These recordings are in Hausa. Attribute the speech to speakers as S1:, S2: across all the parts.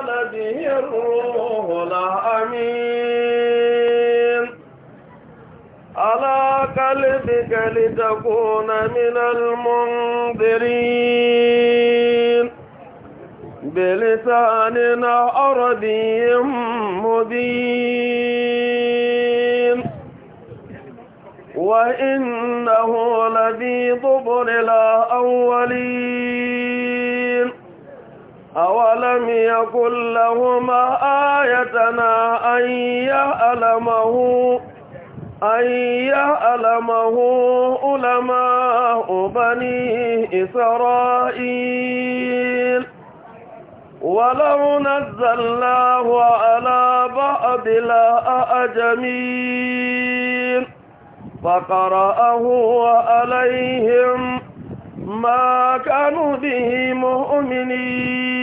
S1: نزل به الروح الأمين على قلبك لتكون من المنذرين بلسان عربي مبين وإنه لذي ضبر الأولين أولم يكن لهما آيتنا أن يألمه أن يألمه علماء بني إسرائيل ولو نزلناه على بعض الأجمين فقرأه عليهم ما كانوا به مؤمنين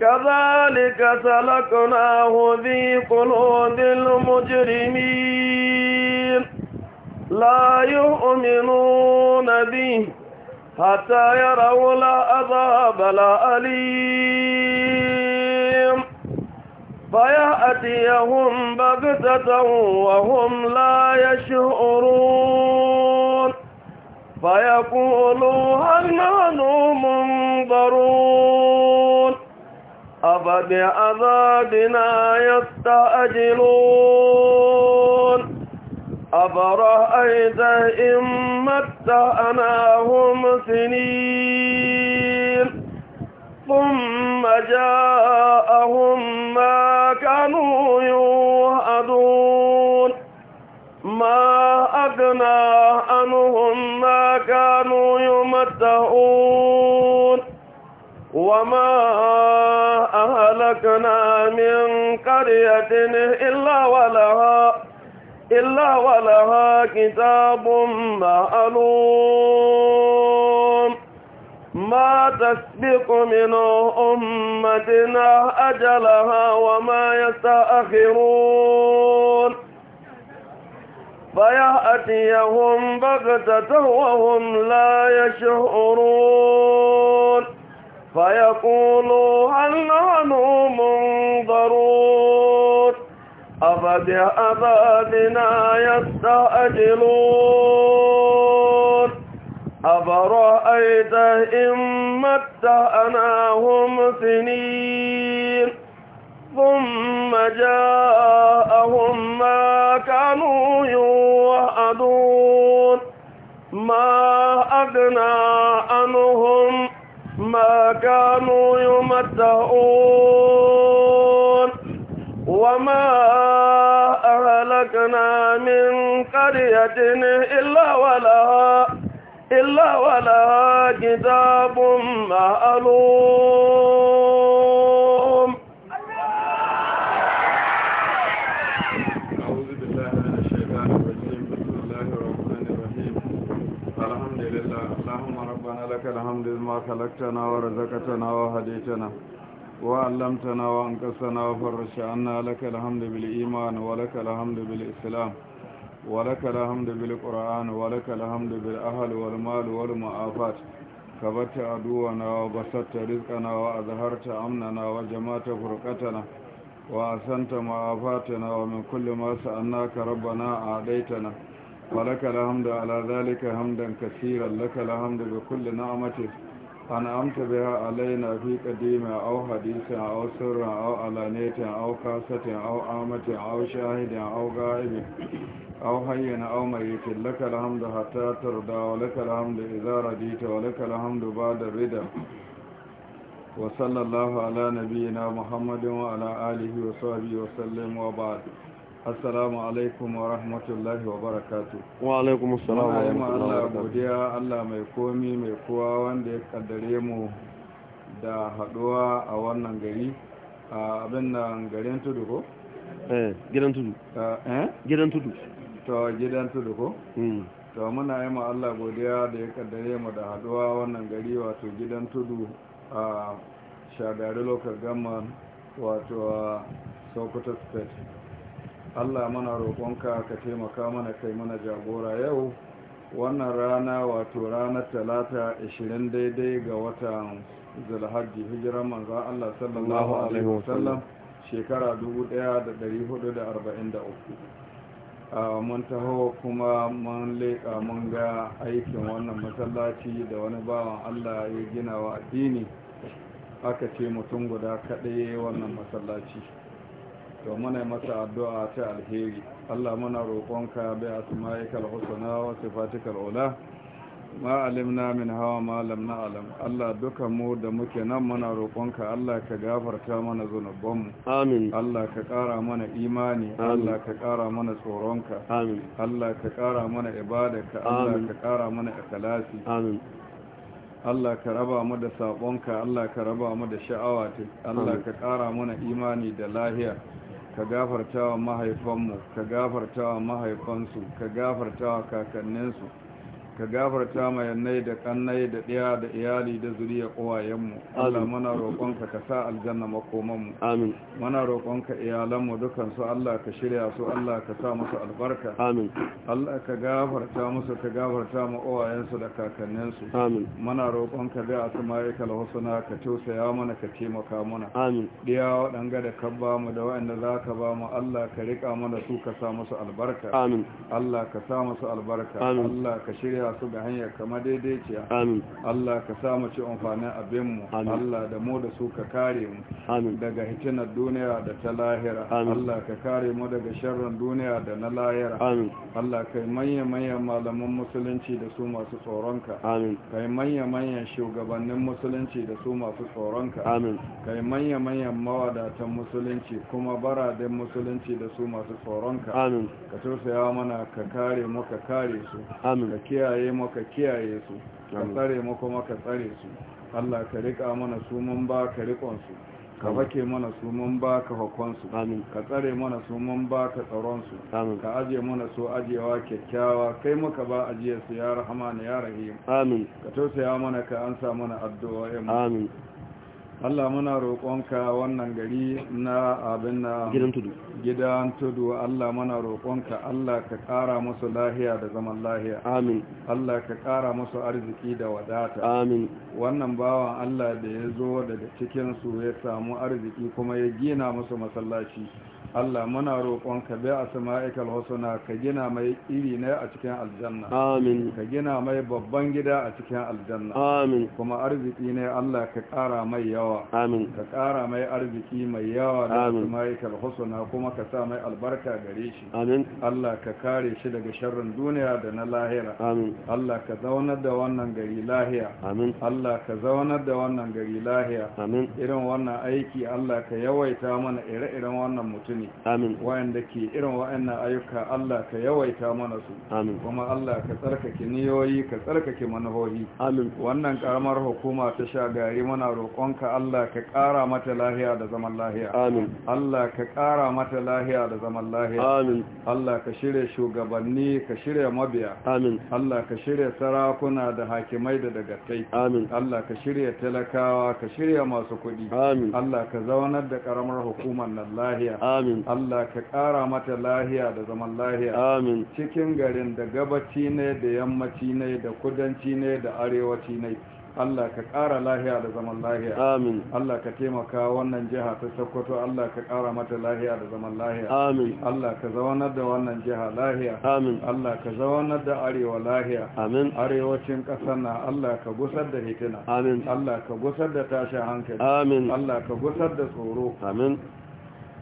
S1: كذلك سلكناه في قلوب المجرمين لا يؤمنون به حتى يروا لا لا أليم فيأتيهم بغتة وهم لا يشعرون فيقولوا هل نحن منظرون أفبعذابنا يستأجلون أفرأيت إن متأناهم سنين ثم جاءهم ما كانوا يوعدون ما أغنى عنهم ما كانوا يمتعون وما أهلكنا من قرية إلا ولها إلا ولها كتاب معلوم ما تسبق من أمتنا أجلها وما يستأخرون فيأتيهم بغتة وهم لا يشعرون فيقولوا هل نحن منظرون أفبأبادنا يستأجلون أفرأيت إن متأناهم سنين ثم جاءهم ما كانوا يوعدون ما أغنى عنهم ما كانوا يمتعون وما أهلكنا من قرية إلا ولها إلا ولها كتاب معلوم
S2: halakta na wa razakata na wa hadaita na wa allamta na wa ankasa na anna laka alhamdu bil iman wa laka alhamdu bil islam wa laka alhamdu bil qur'an wa laka alhamdu bil ahli wal mal wal mu'afat kabata addu'a na wa basatta rizqana wa azharta amnana wa jama'ata furqatana wa asanta ma'afatana wa min kulli ma sa'annaka rabbana a'daitana ولك الحمد على ذلك حمدا كثيرا لك الحمد بكل نعمتك أنعمت بها علينا في قديمة أو حديثة أو سرة أو علانية أو خاصة أو عامة أو شاهد أو غائب أو حي أو ميت لك الحمد حتى ترضى ولك الحمد إذا رضيت ولك الحمد بعد الرضا وصلى الله على نبينا محمد وعلى آله وصحبه وسلم وبعد assalamu alaikum wa rahmatullahi wa barakatu
S1: wa alaikum assalamu wa rahmatullahi Allah godiya
S2: Allah mai komi mai kowa wanda ya kaddare mu da haduwa a wannan gari a abin nan garin tudu ko? eh gidan tudu eh gidan tudu to gidan tudu ko? Hmm. to muna yi ma Allah godiya da ya kaddare mu da haduwa wannan gari wato gidan tudu a shagari local government wato a Sokoto state allah mana roƙonka ka taimaka mana kai mana jagora yau wannan rana wato ranar talata 20 daidai ga watan zulhajji hijiran manzan allah sallallahu alaihi wasallam shekara 1443 mun taho kuma mun leƙa mun ga aikin wannan masallaci da wani bawan allah ya gina wa addini aka ce mutum guda kaɗai wannan masallaci to muna masa addu'a ta alheri Allah muna roƙonka bi asma'ikal husna wa sifatikal ula ma alimna min hawa ma lam na'lam Allah duka mu da muke nan muna roƙonka Allah ka gafarta mana zunubanmu amin Allah ka ƙara mana imani Allah ka ƙara mana tsoronka amin Allah ka ƙara mana ibadarka Allah ka ƙara mana ikhlasi amin Allah ka raba mu da sabonka Allah ka raba mu da sha'awa Allah ka ƙara mana imani da lahiya ka gafarta wa mahaifanmu ka gafarta wa mahaifansu ka gafarta wa kakanninsu ka gafarta ma yannai da kannai da ɗaya da iyali da zuriya ƙwayenmu Allah mana roƙonka ka sa aljanna makomanmu amin mana roƙonka iyalanmu dukan su Allah ka shirya su Allah ka sa musu albarka amin Allah ka gafarta musu ka gafarta ma ƙwayensu da kakanninsu amin mana roƙonka da asma'ika alhusna ka ya mana ka taimaka mana amin ɗaya waɗanga da ka ba mu da waɗanda za ka ba mu Allah ka riƙa mana su ka sa musu albarka amin Allah ka sa musu albarka Amin. Allah ka shirya dora su ga hanyar kama daidai ce Allah ka samu ci amfanin abinmu Allah da mu da su ka kare mu daga hitinar duniya da ta lahira Allah ka kare mu daga sharrin duniya da na lahira amin Allah kai manya manyan malaman musulunci da su masu tsoronka ka kai manya manyan shugabannin musulunci da su masu tsoronka ka kai manya manyan mawadatan musulunci kuma baraden musulunci da su masu tsoronka ka ka tausaya mana ka kare mu ka kare su ka kiyaye kiyaye maka kiyaye su ka tsare maka maka tsare su Allah ka rika mana su mun ba ka rikon su ka bake mana su mun ba ka su ka tsare mana su mun ba ka tsaronsu ka ajiye mana su ajiyewa kyakkyawa kai maka ba ajiye su ya rahama ya rahim ka tausaya mana ka ansa mana addu'o'in Allah muna roƙonka wannan gari na abin na gidan tudu gidan tudu Allah muna roƙonka Allah ka ƙara musu lahiya da zaman lahiya amin Allah ka ƙara musu arziki da wadata amin wannan bawan Allah da ya zo daga cikin su ya samu arziki kuma ya gina musu masallaci Allah muna roƙon ka bi asma'ikal husna ka gina mai iri ne a cikin aljanna amin ka gina mai babban gida a cikin aljanna amin kuma arziki ne Allah ka ƙara mai yawa amin ka ƙara mai arziki mai yawa da asma'ikal husna kuma ka sa mai albarka gare shi amin Allah ka kare shi daga sharrin duniya da na lahira amin Allah ka zaunar da wannan gari lahiya amin Allah ka zaunar da wannan gari lahiya amin irin wannan aiki Allah ka yawaita mana ire-iren wannan mutumi amin amin wa'anda ke irin wa'annan ayyuka Allah ka yawaita mana su amin kuma Allah ka tsarkake niyoyi ka tsarkake manuhohi amin wannan karamar hukuma ta shagari muna roƙonka Allah ka ƙara mata lahiya da zaman lahiya amin Allah ka ƙara mata lahiya da zaman lahiya amin Allah ka shirye shugabanni ka shirye mabiya amin Allah ka shirye sarakuna da hakimai da dagatai amin Allah ka shirye talakawa ka shirye masu kuɗi amin Allah ka zaunar da karamar hukumar nan lahiya amin amin Allah ka ƙara mata lahiya da zaman lahiya amin cikin garin da gabaci ne da yammaci ne da kudanci ne da arewaci ne Allah ka ƙara lahiya da zaman lahiya amin Allah ka taimaka wannan jiha ta Sokoto Allah ka ƙara mata lahiya da zaman lahiya amin Allah ka zaunar da wannan jiha lahiya amin Allah ka zaunar da arewa lahiya amin arewacin ƙasar na Allah ka gusar da hitina amin Allah ka gusar da tashin hankali amin Allah ka gusar da tsoro amin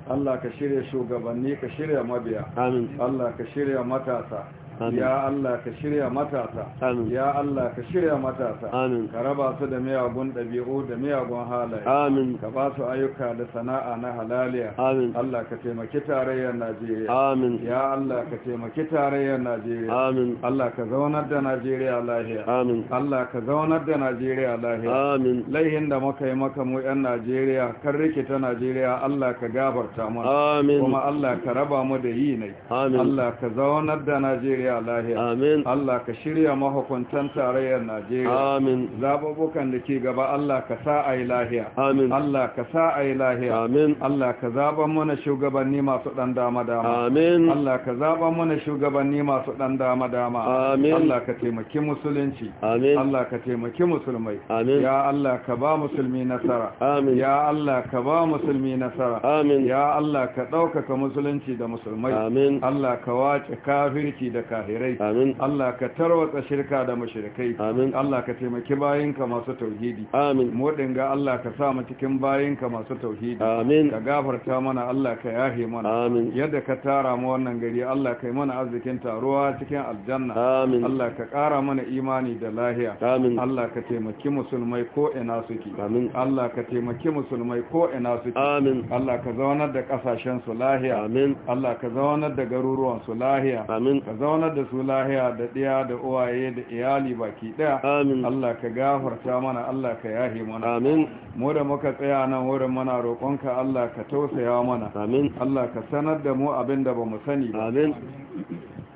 S2: Allah ka shirya shugabanni ka shirya mabiya Amin. Allah ka shirya matasa ya Allah ka shirya matasa ya Allah ka shirya matasa Amin. ka raba su da miyagun ɗabi'u da miyagun halaye Amin. ka ba su ayyuka da sana'a na halaliya Amin. Allah ka taimaki tarayyar Najeriya Amin. ya Allah ka taimaki tarayyar Najeriya Amin. Allah ka zaunar da Najeriya lahiya Allah ka zaunar da Najeriya lahiya laihin da muka yi maka mu 'yan Najeriya kan rikita Najeriya Allah ka gabarta mana kuma Allah ka raba mu da yi ne Allah ka zaunar da Najeriya Najeriya lahiya amin Allah ka shirya mahukuntan tarayyar Najeriya amin zababukan da ke gaba Allah ka sa ai lahiya amin Allah ka sa ai lahiya amin Allah ka zaban mana shugabanni masu dan dama dama amin Allah ka zaban mana shugabanni masu dan dama dama amin Allah ka taimaki musulunci amin Allah ka taimaki musulmai amin ya Allah ka ba musulmi nasara amin ya Allah ka ba musulmi nasara amin ya Allah ka ɗaukaka musulunci da musulmai amin Allah ka wace kafirci da ka kafirai amin Allah ka tarwatsa shirka da mushrikai amin Allah ka taimaki bayinka masu tauhidi amin mu dinga Allah ka sa mu cikin bayinka masu tauhidi amin ka gafarta mana Allah ka yahe mana amin yadda ka tara mu wannan gari Allah kai mana arzikin taruwa cikin aljanna amin Allah ka kara mana imani da lahiya amin Allah ka taimaki musulmai ko ina suke amin Allah ka taimaki musulmai ko ina suke amin Allah ka zaunar da kasashen su lahiya amin Allah ka zaunar da garuruwan su lahiya amin ka zaunar sanar da su lahiya da ɗiya da uwaye da iyali baki ɗaya Allah ka gafarta mana Allah ka yahi mana amin mu da muka tsaya nan wurin mana roƙonka Allah ka tausaya mana amin Allah ka sanar da mu abin da bamu sani ba amin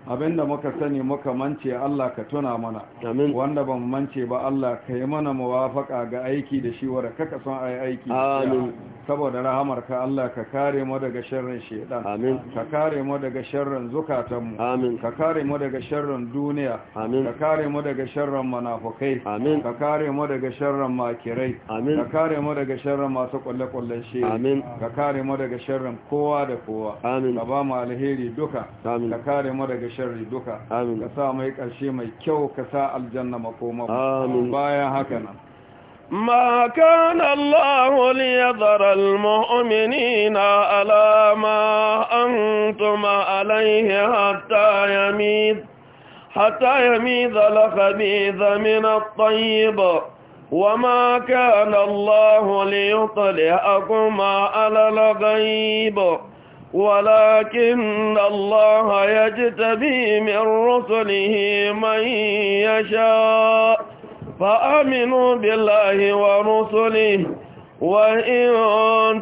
S2: abin da muka sani muka mance Allah ka tuna mana amin wanda bamu mance ba Allah ka yi mana muwafaka ga aiki da shi wanda kaka son ai aiki amin saboda rahamarka Allah ka kare mu daga sharrin shedan amin ka kare mu daga sharrin zukatanmu amin ka kare mu daga sharrin duniya amin ka kare mu daga sharrin munafukai amin ka kare mu daga sharrin makirai amin ka kare mu daga sharrin masu kullakullan shi amin ka kare mu daga sharrin kowa da kowa amin ka ba mu alheri duka amin ka kare mu daga sharri duka amin ka sa mai karshe mai kyau ka sa aljanna makoma amin bayan haka nan ما كان الله
S1: ليذر المؤمنين على ما أنتم عليه حتى يميد حتى يميد الخبيث من الطيب وما كان الله ليطلعكم على الغيب ولكن الله يجتبي من رسله من يشاء فآمنوا بالله ورسله وإن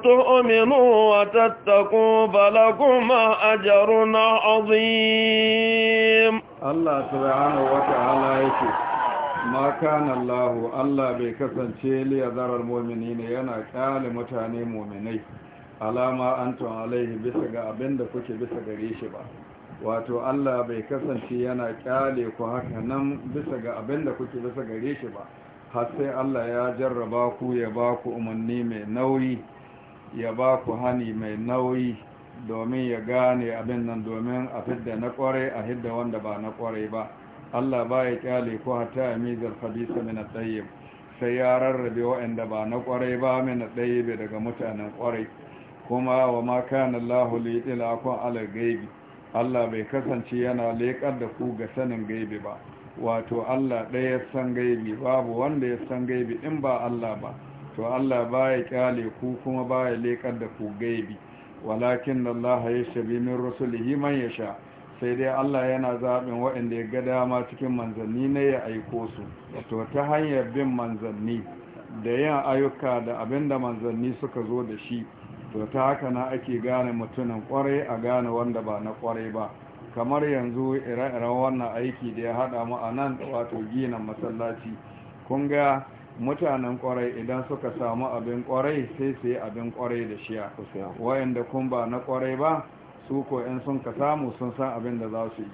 S1: تؤمنوا وتتقوا فلكم أجر
S2: عظيم الله سبحانه وتعالى يكي ما كان الله الله بكسن شيلي يذر المؤمنين ينا قال متاني مؤمنين alama an tun alaihi bisa ga abin da kuke bisa gare shi ba wato Allah bai kasance yana kyale ku haka nan bisa ga abin da kuke bisa gare shi ba har sai Allah ya jarraba ku ya ba ku umarni mai nauyi ya ba ku hani mai nauyi domin ya gane abin nan domin a fidda na kware a hidda wanda ba na kware ba Allah ba ya kyale ku hatta ya mizar habisa min at sai ya rarrabe waɗanda ba na kwarai ba min at daga mutanen kwarai kuma wa ma kana Allahu li ala ghaibi Allah bai kasance yana leƙar da ku ga sanin gaibi ba wato Allah ɗaya san gaibi babu wanda ya san gaibi in ba Allah ba to Allah baya kyale ku kuma ba ya leƙar da ku gaibi walakin da Allah ya shabi min rusulihi man sha. sai dai Allah yana zaɓin waɗanda ya ga dama cikin manzanni na ya aiko su to ta hanyar bin manzanni da yin ayyuka da abinda manzanni suka zo da shi to ta haka na ake gane mutumin kwarai a gane wanda ba na kwarai ba kamar yanzu ire-iren wannan aiki da ya haɗa mu a nan wato ginin masallaci kun ga mutanen kwarai idan suka samu abin kwarai sai su abin kwarai da shiya wayanda kun ba na kwarai ba su ko in sun ka samu sun san abin da za su yi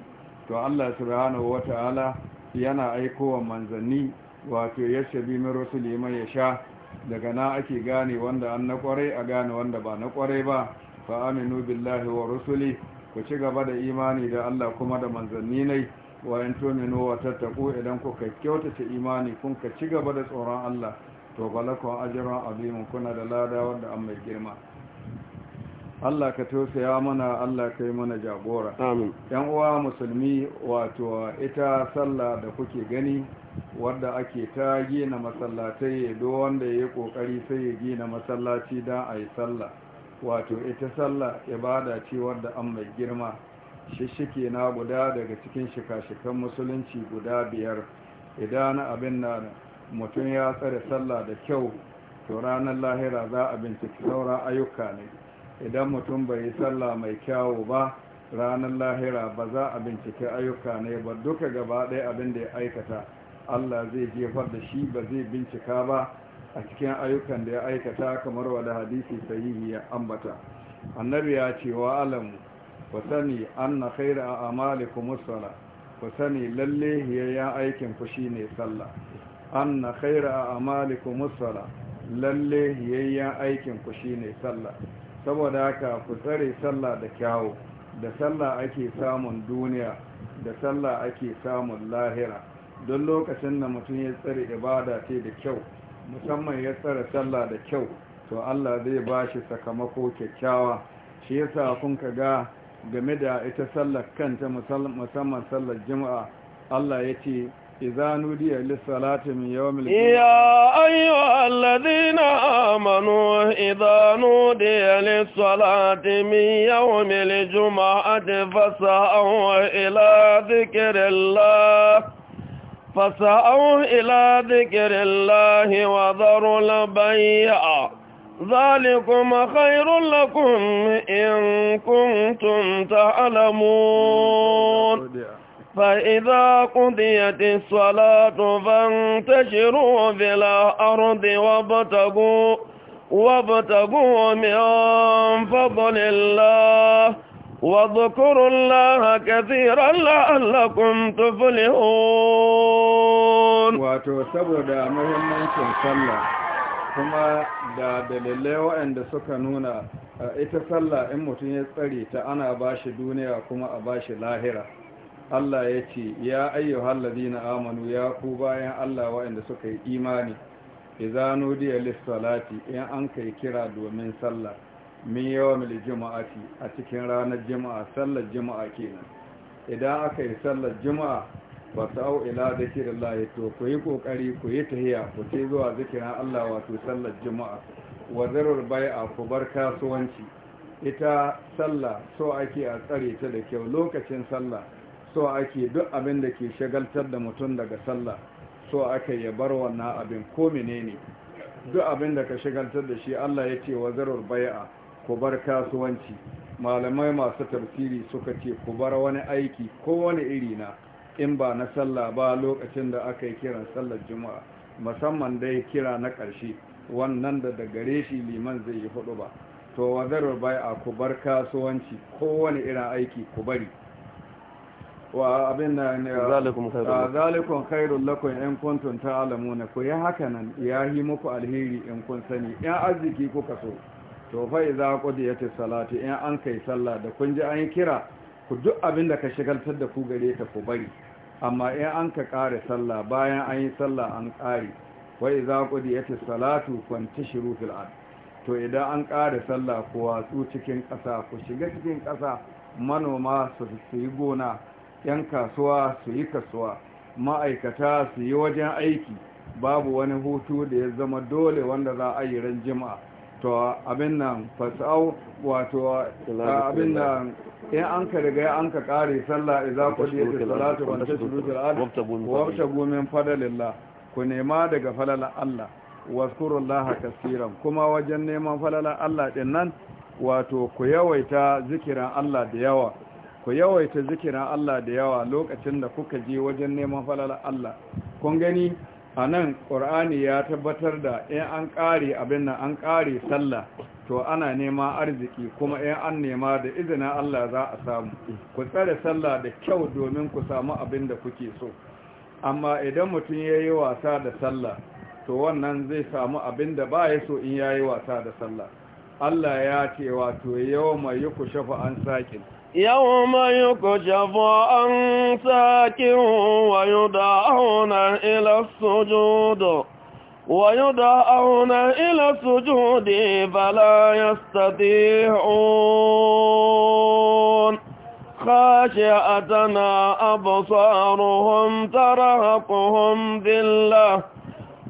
S2: to allah subhanahu wata'ala yana aikowa manzanni wato ya shabi min rusuli mai ya sha daga na ake gane wanda an na kwarai a gane wanda ba na kwarai ba fa aminu billahi wa rusuli ku ci gaba da imani da Allah kuma da manzanni ne wa in tuminu wa tattaku idan ku ka kyautata imani kun ka ci gaba da tsoron Allah to balakon ajira azimin kuna da lada wanda an mai girma Allah ka tausaya mana Allah kai mana jagora amin yan uwa musulmi wato ita sallah da kuke gani wadda ake ta gina masallatai do wanda yayi ƙoƙari sai ya gina masallaci dan ayi sallah wato ita sallah ibada ce wadda an mai girma shishike na guda daga cikin shika-shikan musulunci guda biyar idan abin na mutum ya tsare sallah da kyau to ranar lahira za a binciki sauran ayyuka ne idan mutum bai yi sallah mai kyawu ba ranar lahira ba za a bincike ayyuka ne ba duka gaba ɗaya abin da ya aikata allah zai jefar da shi ba zai bincika ba a cikin ayyukan da ya aikata kamar wada hadisi sahihi ya ambata annabi ya ce wa alamu ku sani an na khaira a ku musala ku sani lalle hiyayyen aikin ku ne sallah an na khaira a ku musala lalle hiyayyen aikin ku ne sallah saboda haka ku tsare sallah da kyawu da sallah ake samun duniya da sallah ake samun lahira don lokacin da mutum ya tsare ibada ce da kyau musamman ya tsare sallah da kyau to Allah zai ba shi sakamako kyakkyawa shi yasa kun ka ga game da ita sallar kanta musamman sallar jima'a, Allah ya ce إذا نودي للصلاة من يوم الجمعة يا أيها الذين
S1: آمنوا إذا نودي للصلاة من يوم الجمعة فاسعوا إلى ذكر الله فاسعوا إلى ذكر الله وذروا البيع ذلكم خير لكم إن كنتم تعلمون فإذا قضيت الصلاة فانتشروا في الأرض وَابْتَغُوا وابتغوا من فضل الله واذكروا الله كثيرا لعلكم تفلحون
S2: واتو saboda muhimmancin sallah kuma da dalilai waɗanda suka nuna ita sallah in mutum ya tsari ta ana bashi duniya kuma a bashi lahira Allah ya ce ya hallazi na amanu ya ku bayan Allah waɗanda suka yi imani idza nudiya lis-salati in an kai kira domin sallah min jima'a ce a cikin ranar juma'a sallar juma'a kenan idan aka yi sallar juma'a ba au ila zikirillahi to ku yi kokari ku yi tahiya ku ce zuwa zikirin Allah wato sallar juma'a wa zarar a ku bar kasuwanci ita sallah so ake a tsare ta da kyau lokacin sallah so ake duk abin da ke shagaltar da mutum daga sallah so ake ya bar wannan abin ko menene duk abin da ka shagaltar da shi Allah ya ce wa zarur bai'a ku bar kasuwanci malamai masu tafsiri suka ce ku bar wani aiki ko wani iri na in ba na sallah ba lokacin da aka yi kiran sallar juma'a musamman dai kira na ƙarshe wannan da da gare shi liman zai yi hudu ba to wa zarur bai'a ku bar kasuwanci ko wani irin aiki ku bari wa abin na zalikun khairun lakon in kuntun alamuna ku yi haka nan ya yi muku alheri in kun sani yan arziki kuka so to za fa ya qudiyati salatu in an kai sallah da kun ji an yi kira ku duk abin da ka shigaltar da ku gare ta ku bari amma in an ka kare sallah bayan an yi sallah an kare wa ya qudiyati salatu fantashiru fil ard to idan an kare sallah ku watsu cikin kasa ku shiga cikin kasa manoma su yi gona 'yan kasuwa su yi kasuwa ma'aikata su yi wajen aiki babu wani hutu da ya zama dole wanda za a yi ran jima'a to abin nan fasau wato abin nan in an ka riga an ka kare sallah idza qudiyat as-salatu wa tashrutu al-ard min fadlillah ku nema daga falalan Allah wazkurullaha kaseeran kuma wajen neman falalan Allah din nan wato ku yawaita zikiran Allah da yawa ku yawaita zikirin Allah da yawa lokacin da kuka je wajen neman falalar Allah kun gani a nan ƙur'ani ya tabbatar da in an ƙare abin nan an ƙari sallah to ana nema arziki kuma in an nema da izinin Allah za a samu ku tsare sallah da kyau domin ku samu abin da kuke so amma idan mutum ya yi wasa da sallah to wannan zai samu abin da ba ya so in ya yi wasa da sallah Allah ya ce wato yau mai yi ku shafa an saƙin يوم
S1: يكشف عن ساك ويدعون إلى السجود ويدعون إلى السجود فلا يستطيعون خاشعتنا أبصارهم ترهقهم ذِلَّةٌ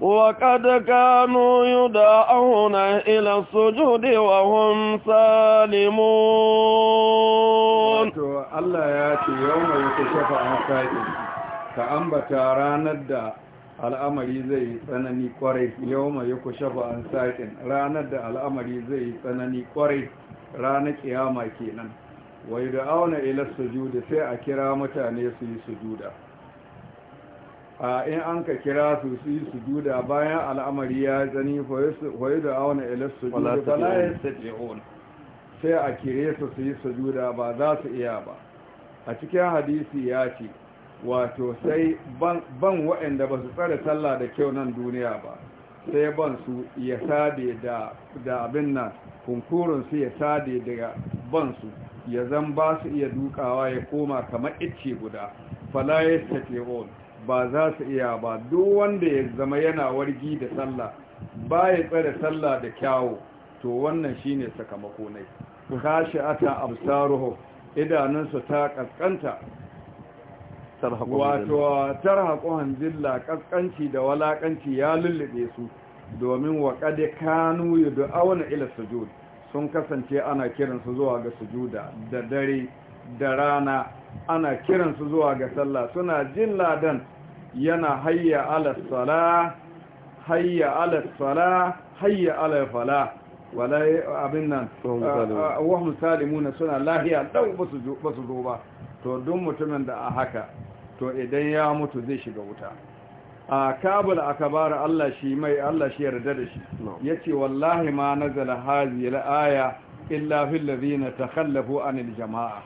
S1: وقد كانوا يدعون إلى السجود وهم سالمون
S2: الله ياتي يوم يكشف عن ساجد كأنبت راند al'amari zai tsanani kwarai yau mai yi kushafa an saƙin ranar da al'amari zai tsanani kwarai ranar kiyama kenan wai da auna ilar sujuda sai a kira mutane su yi sujuda in an ka kira su su yi sujuda bayan al'amari ya zani hoyi da auna ilis sujuda fala ya sai a kire su su yi sujuda ba za su iya ba a cikin hadisi ya ce wato sai ban waɗanda ba su tsare sallah da kyau nan duniya ba sai ban su ya sade da abin nan kunkurin su ya sade daga ban su ya zan ba su iya dukawa ya koma kamar icce guda fala ya tafi ba za su iya ba duk wanda ya zama yana wargi da sallah ba ya tsare sallah da kyawu to wannan shine sakamako ne kashi ata amsaruhu idanunsa ta kaskanta wato tarhaƙo dilla kaskanci da walakanci ya lullube su domin wa kade kanu yad'auna ila sujud sun kasance ana kiransu zuwa ga sujuda da dare da rana ana kiransu zuwa ga sallah suna jin ladan yana hayya ala hayya ala hayya ala fala abin nan wahum na suna lahiya dan ba su zo ba to don mutumin da a haka to idan ya mutu zai shiga wuta a kabul bara Allah shi mai Allah shi yarda da shi ya ce wallahi ma nazala hazi al illa fil ladina takhallafu anil jama'a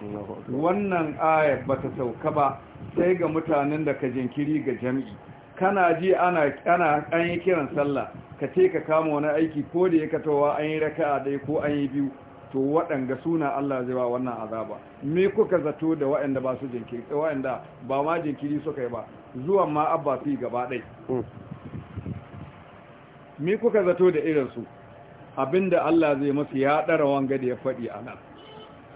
S2: wannan ayat bata sauka ba sai ga mutanen da ka jinkiri ga jami'i kana ji ana ana an yi kiran sallah ka ce ka kama wani aiki ko da yake tawa an yi raka'a dai ko an yi biyu to waɗanga suna Allah zai ba wannan azaba me kuka zato da waɗanda ba su jinkiri waɗanda ba ma jinkiri suka yi ba zuwan ma abba fi gaba mm. me kuka zato da irinsu abinda Allah zai masu ya ɗara wanga da ya faɗi a nan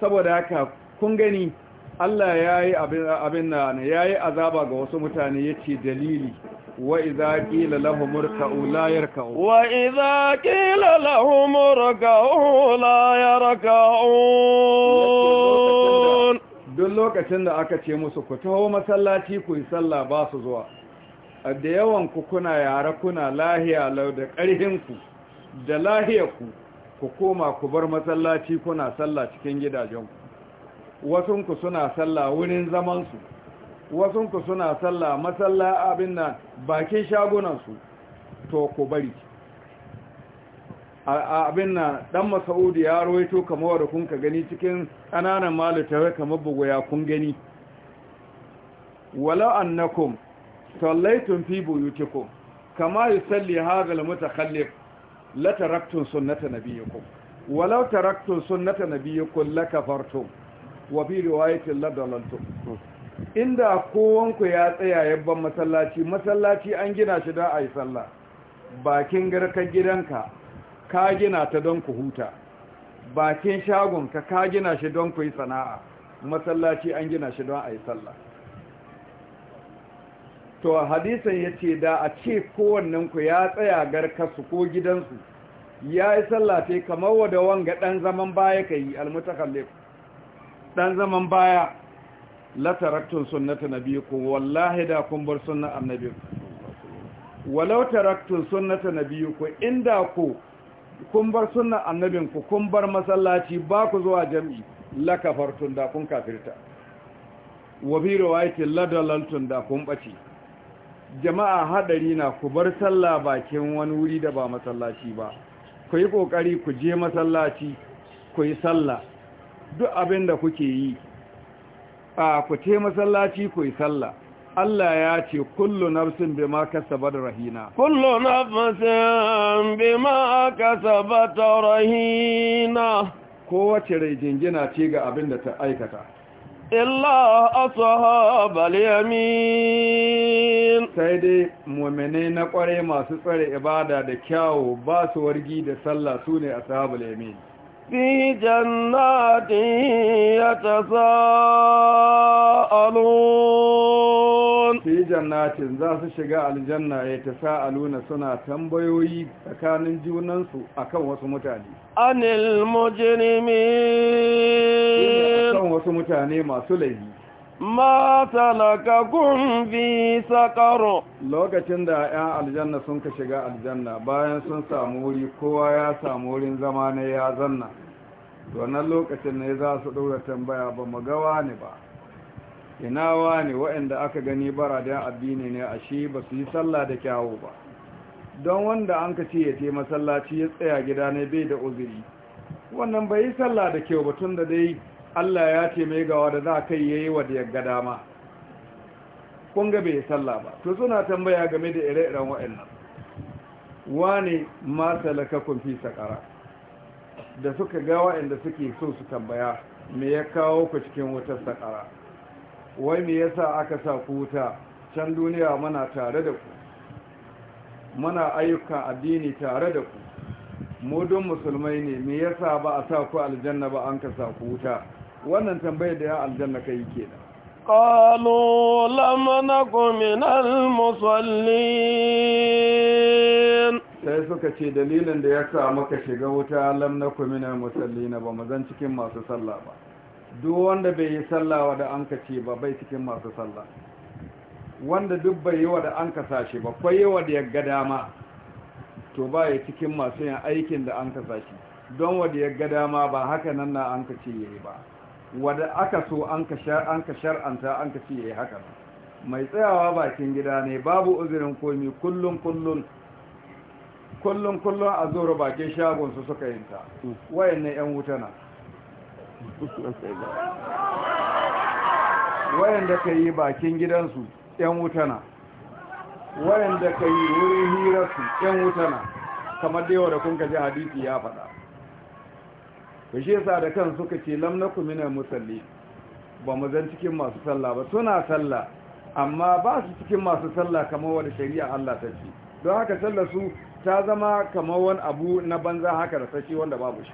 S2: saboda haka kun gani Allah ya yi abin na ya yi azaba ga wasu mutane ya ce dalili wa iza ƙila lahumur ka'u layar ka'u wa iza ƙila lahumur ka'u layar ka'u duk lokacin da aka ce musu ku taho masallaci ku yi sallah ba su zuwa da yawan ku kuna yara kuna lahiya lau da ƙarhinku da lahiyarku ku ku koma ku bar masallaci kuna sallah cikin gidajenku wasunku suna sallah wurin zamansu wasunku suna sallah masalla abin nan bakin shagunansu to ku bari abin nan dan masaudi ya rawaito kamar wanda kun ka gani cikin ƙananan malitawa kamar ya kun gani wala annakum sallaitum fi buyutikum kama yusalli hadha al-mutakhallif la taraktum sunnata nabiyikum walau taraktum sunnata nabiyikum lakafartum wa bi riwayatin inda kowanku ya tsaya yabban masallaci masallaci an gina shi da ayi sallah bakin garkar gidanka ka gina ta don ku huta bakin shagonka ka gina shi don ku yi sana'a masallaci an gina shi don ayi sallah to hadisan ya ce da a ce kowannenku ya tsaya garkarsu ko gidansu ya yi sallafe kamar wada wanga ɗan zaman baya ka yi almutakallif ɗan zaman baya latarattun sunnata na biyu ku wallahi da kun bar sunna annabi walau taraktun sunnata na biyu ku inda ku kun bar sunna annabinku kun bar masallaci ba ku zuwa jam'i la kafartun da kun kafirta wa bi riwayatin ladalaltun da kun bace jama'a hadari na ku bar sallah bakin wani wuri da ba masallaci ba ku yi kokari ku je masallaci ku yi sallah duk abin da kuke yi a ku ce masallaci ku yi sallah Allah ya ce kullu nafsin bima kasabat rahina
S1: kullu nafsin bima kasabat rahina kowace rai jingina ce ga abin da ta aikata
S2: illa ashabal yamin sai dai muminai na kware masu tsare ibada da kyawu ba su wargi da sallah sune ashabal yamin في جنات يتساءلون في جنات ذات شقاء الجنة يتساءلون سنة تنبيوي فكان سوء أكون وسمتاني
S1: عن المجرمين أكون
S2: وسمتاني ما سليه ma talakakum fi sakaro lokacin da 'yan aljanna sun ka shiga aljanna bayan sun samu wuri kowa ya samu wurin zama ne ya zanna wannan lokacin ne za su ɗora tambaya ba mu ga ba ina wani waɗanda aka gani baraden addini ne a shi ba su yi sallah da kyawu ba don wanda an ka ce ya ce masallaci ya tsaya gida ne bai da uzuri wannan bai yi sallah da kyau ba tun da dai Allah ya ce mai gawa da za kai yayi wa da yagga dama kun ga bai sallah ba to suna tambaya game da ire-iren wa'annan Wani ma salaka kun fi sakara da suka ga waɗanda suke so su tambaya me ya kawo ku cikin wutar sakara wai me yasa aka sa ku wuta can duniya muna tare da ku muna ayyukan addini tare da ku mu musulmai ne me yasa ba a sa ku aljanna ba an ka sa ku wuta wannan tambayar da ya aljanna kai kenan قالوا لم نك من musallin sai suka ce dalilin da ya sa shiga wuta lam nakum min al-musallina ba mu zan cikin masu sallah ba duk wanda bai yi sallah wa da an kace ba bai cikin masu sallah wanda duk bai yi wa da an kasa shi ba kai yi wa da ya ga dama to ba ya cikin masu yin aikin da an kasa shi don wa da ya ga dama ba haka nan na an kace yi ba wadda aka so an ka shar'anta an ka ce ya yi haka mai tsayawa bakin gida ne babu uzurin komi kullum kullum kullum kullum a zoro bakin shagon su suka yin ta wayan na yan wuta na wayan da ka yi bakin gidansu yan wuta na wayan da ka yi wurin hirarsu yan wuta na kamar da yawa da kun ka ji hadisi ya faɗa ba shi yasa da kan suka ce lam naku musalli ba mu zan cikin masu sallah ba suna sallah amma ba su cikin masu sallah kamar wani shari'a Allah ta ce don haka salla su ta zama kamar wani abu na banza haka da sashi wanda babu shi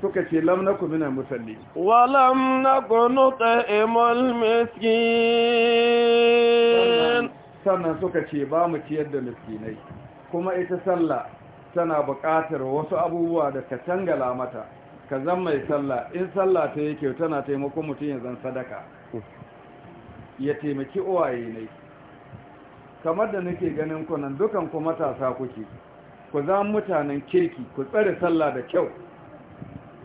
S2: suka ce lam naku musalli wa
S1: lam naku
S2: nut'imul miskin sannan suka ce ba mu ciyar da miskinai kuma ita sallah tana buƙatar wasu abubuwa da ka cangala mata ka zan mai sallah in sallah ta yake tana taimakon mutum ya zan sadaka ya taimaki uwaye ne kamar da nake ganin ku dukan ku matasa kuke ku zan mutanen kirki ku tsare sallah da kyau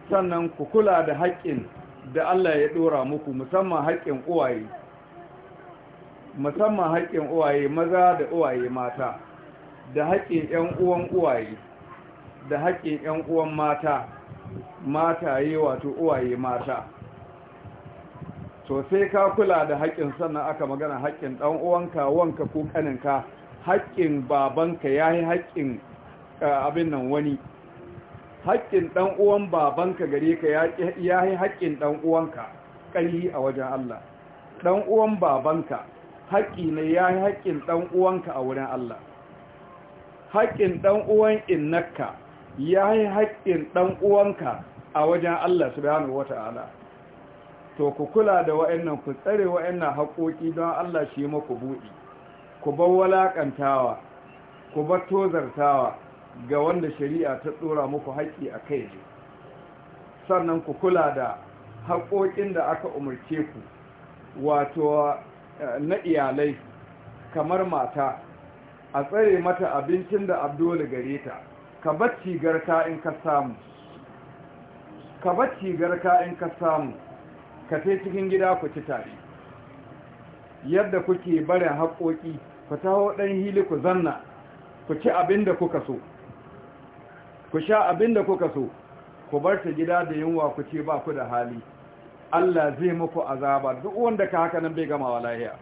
S2: sannan ku kula da haƙƙin da Allah ya ɗora muku musamman haƙƙin uwaye musamman haƙƙin uwaye maza da uwaye mata da haƙƙin 'yan uwan uwaye da haƙƙin 'yan uwan mata mataye wato uwaye mata sosai ka kula da haƙƙin sannan aka magana haƙƙin ɗan uwanka wanka ko kaninka, haƙƙin babanka ya yi haƙƙin abin nan wani haƙƙin ɗan uwan babanka gare ka ya yi haƙƙin ɗan uwanka ƙari a wajen Allah ɗan uwan babanka haƙƙi ne ya yi haƙƙin ɗan uwanka a wurin Allah haƙƙin ɗan uwan innaka ya yi haƙƙin ɗan uwanka a wajen Allah su subhanahu wata'ala to ku kula da wa'annan ku tsare wa'annan haƙoƙi don Allah shi maku buɗi ku bar walaƙantawa ku bar tozartawa ga wanda shari'a ta tsora muku haƙƙi a kai ne sannan ku kula da haƙoƙin da aka umarce ku wato eh, na iyalai kamar mata a tsare mata abincin da abdole gare ta ka bacci garka in ka samu ka bacci in ka samu ka sai cikin gida ku ci tare yadda kuke barin haƙoƙi ku taho ɗan hili ku zanna ku ci abin da kuka so ku sha abin da kuka so ku bar ta gida da yunwa ku ce ba ku da hali Allah zai muku azaba duk wanda ka haka nan bai gama wa lahiya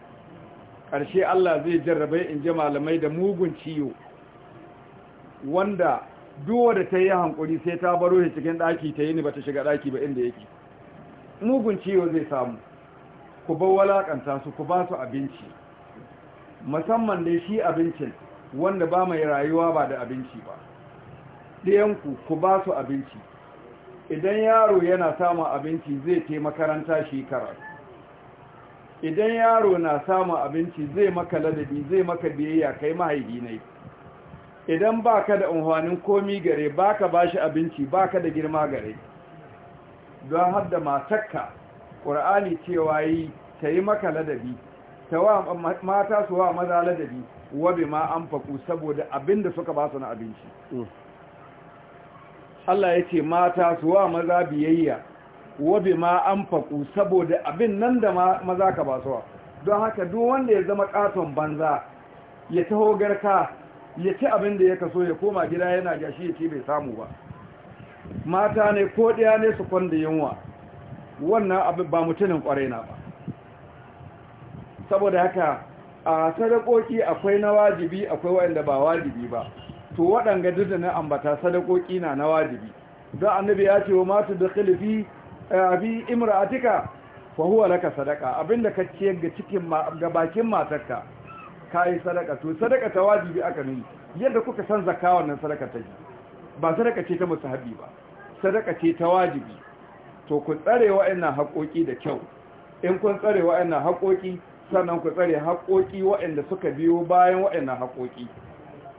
S2: ƙarshe Allah zai jarrabe in ji malamai da mugun ciwo wanda duwa da ta yi hankuri sai ta baro shi cikin ɗaki ta yi ni ba ta shiga ɗaki ba inda yake mugun ciwo zai samu ku ba walaƙanta su ku ba su abinci musamman dai shi abincin wanda ba mai rayuwa ba da abinci ba ɗayanku ku ba su abinci idan yaro yana samun abinci zai taimakaranta makaranta shi idan yaro na samun abinci zai maka ladabi zai maka biyayya kai mahaifi ne idan baka da unhwanin komi gare baka bashi abinci baka da girma gare don hadda matakka ƙur'ani cewa yi ta yi maka ladabi ta mata su wa maza ladabi wabe ma an faku saboda abin da suka ba su na abinci mm. Allah ya ce mata su wa maza biyayya wabi ma an faku saboda abin nan da maza ka basuwa don haka duk wanda ya zama katon banza ya taho garka ya ci abin da ya kaso ya koma gida yana gashi ya ce bai samu ba mata ne ko ɗaya ne su kwanda yunwa wannan abin ba mutumin kwarai na ba saboda haka a sadakoki akwai na wajibi akwai waɗanda ba wajibi ba to waɗanga duk na ambata sadakoki na na wajibi don annabi ya ce wa matu da kilifi. Eh, abi imra'atika fa huwa laka sadaqa abinda ka ciyar ga cikin ga bakin matarka kai sadaka to sadaka ta wajibi aka nuni yadda kuka san zakka wannan sadaka ta ba sadaka ce ta musahabi ba sadaka ce ta wajibi to ku tsare wa'annan haƙoƙi da kyau in kun tsare wa'annan haƙoƙi sannan ku tsare haƙoƙi wa'anda suka biyo bayan wa'annan haƙoƙi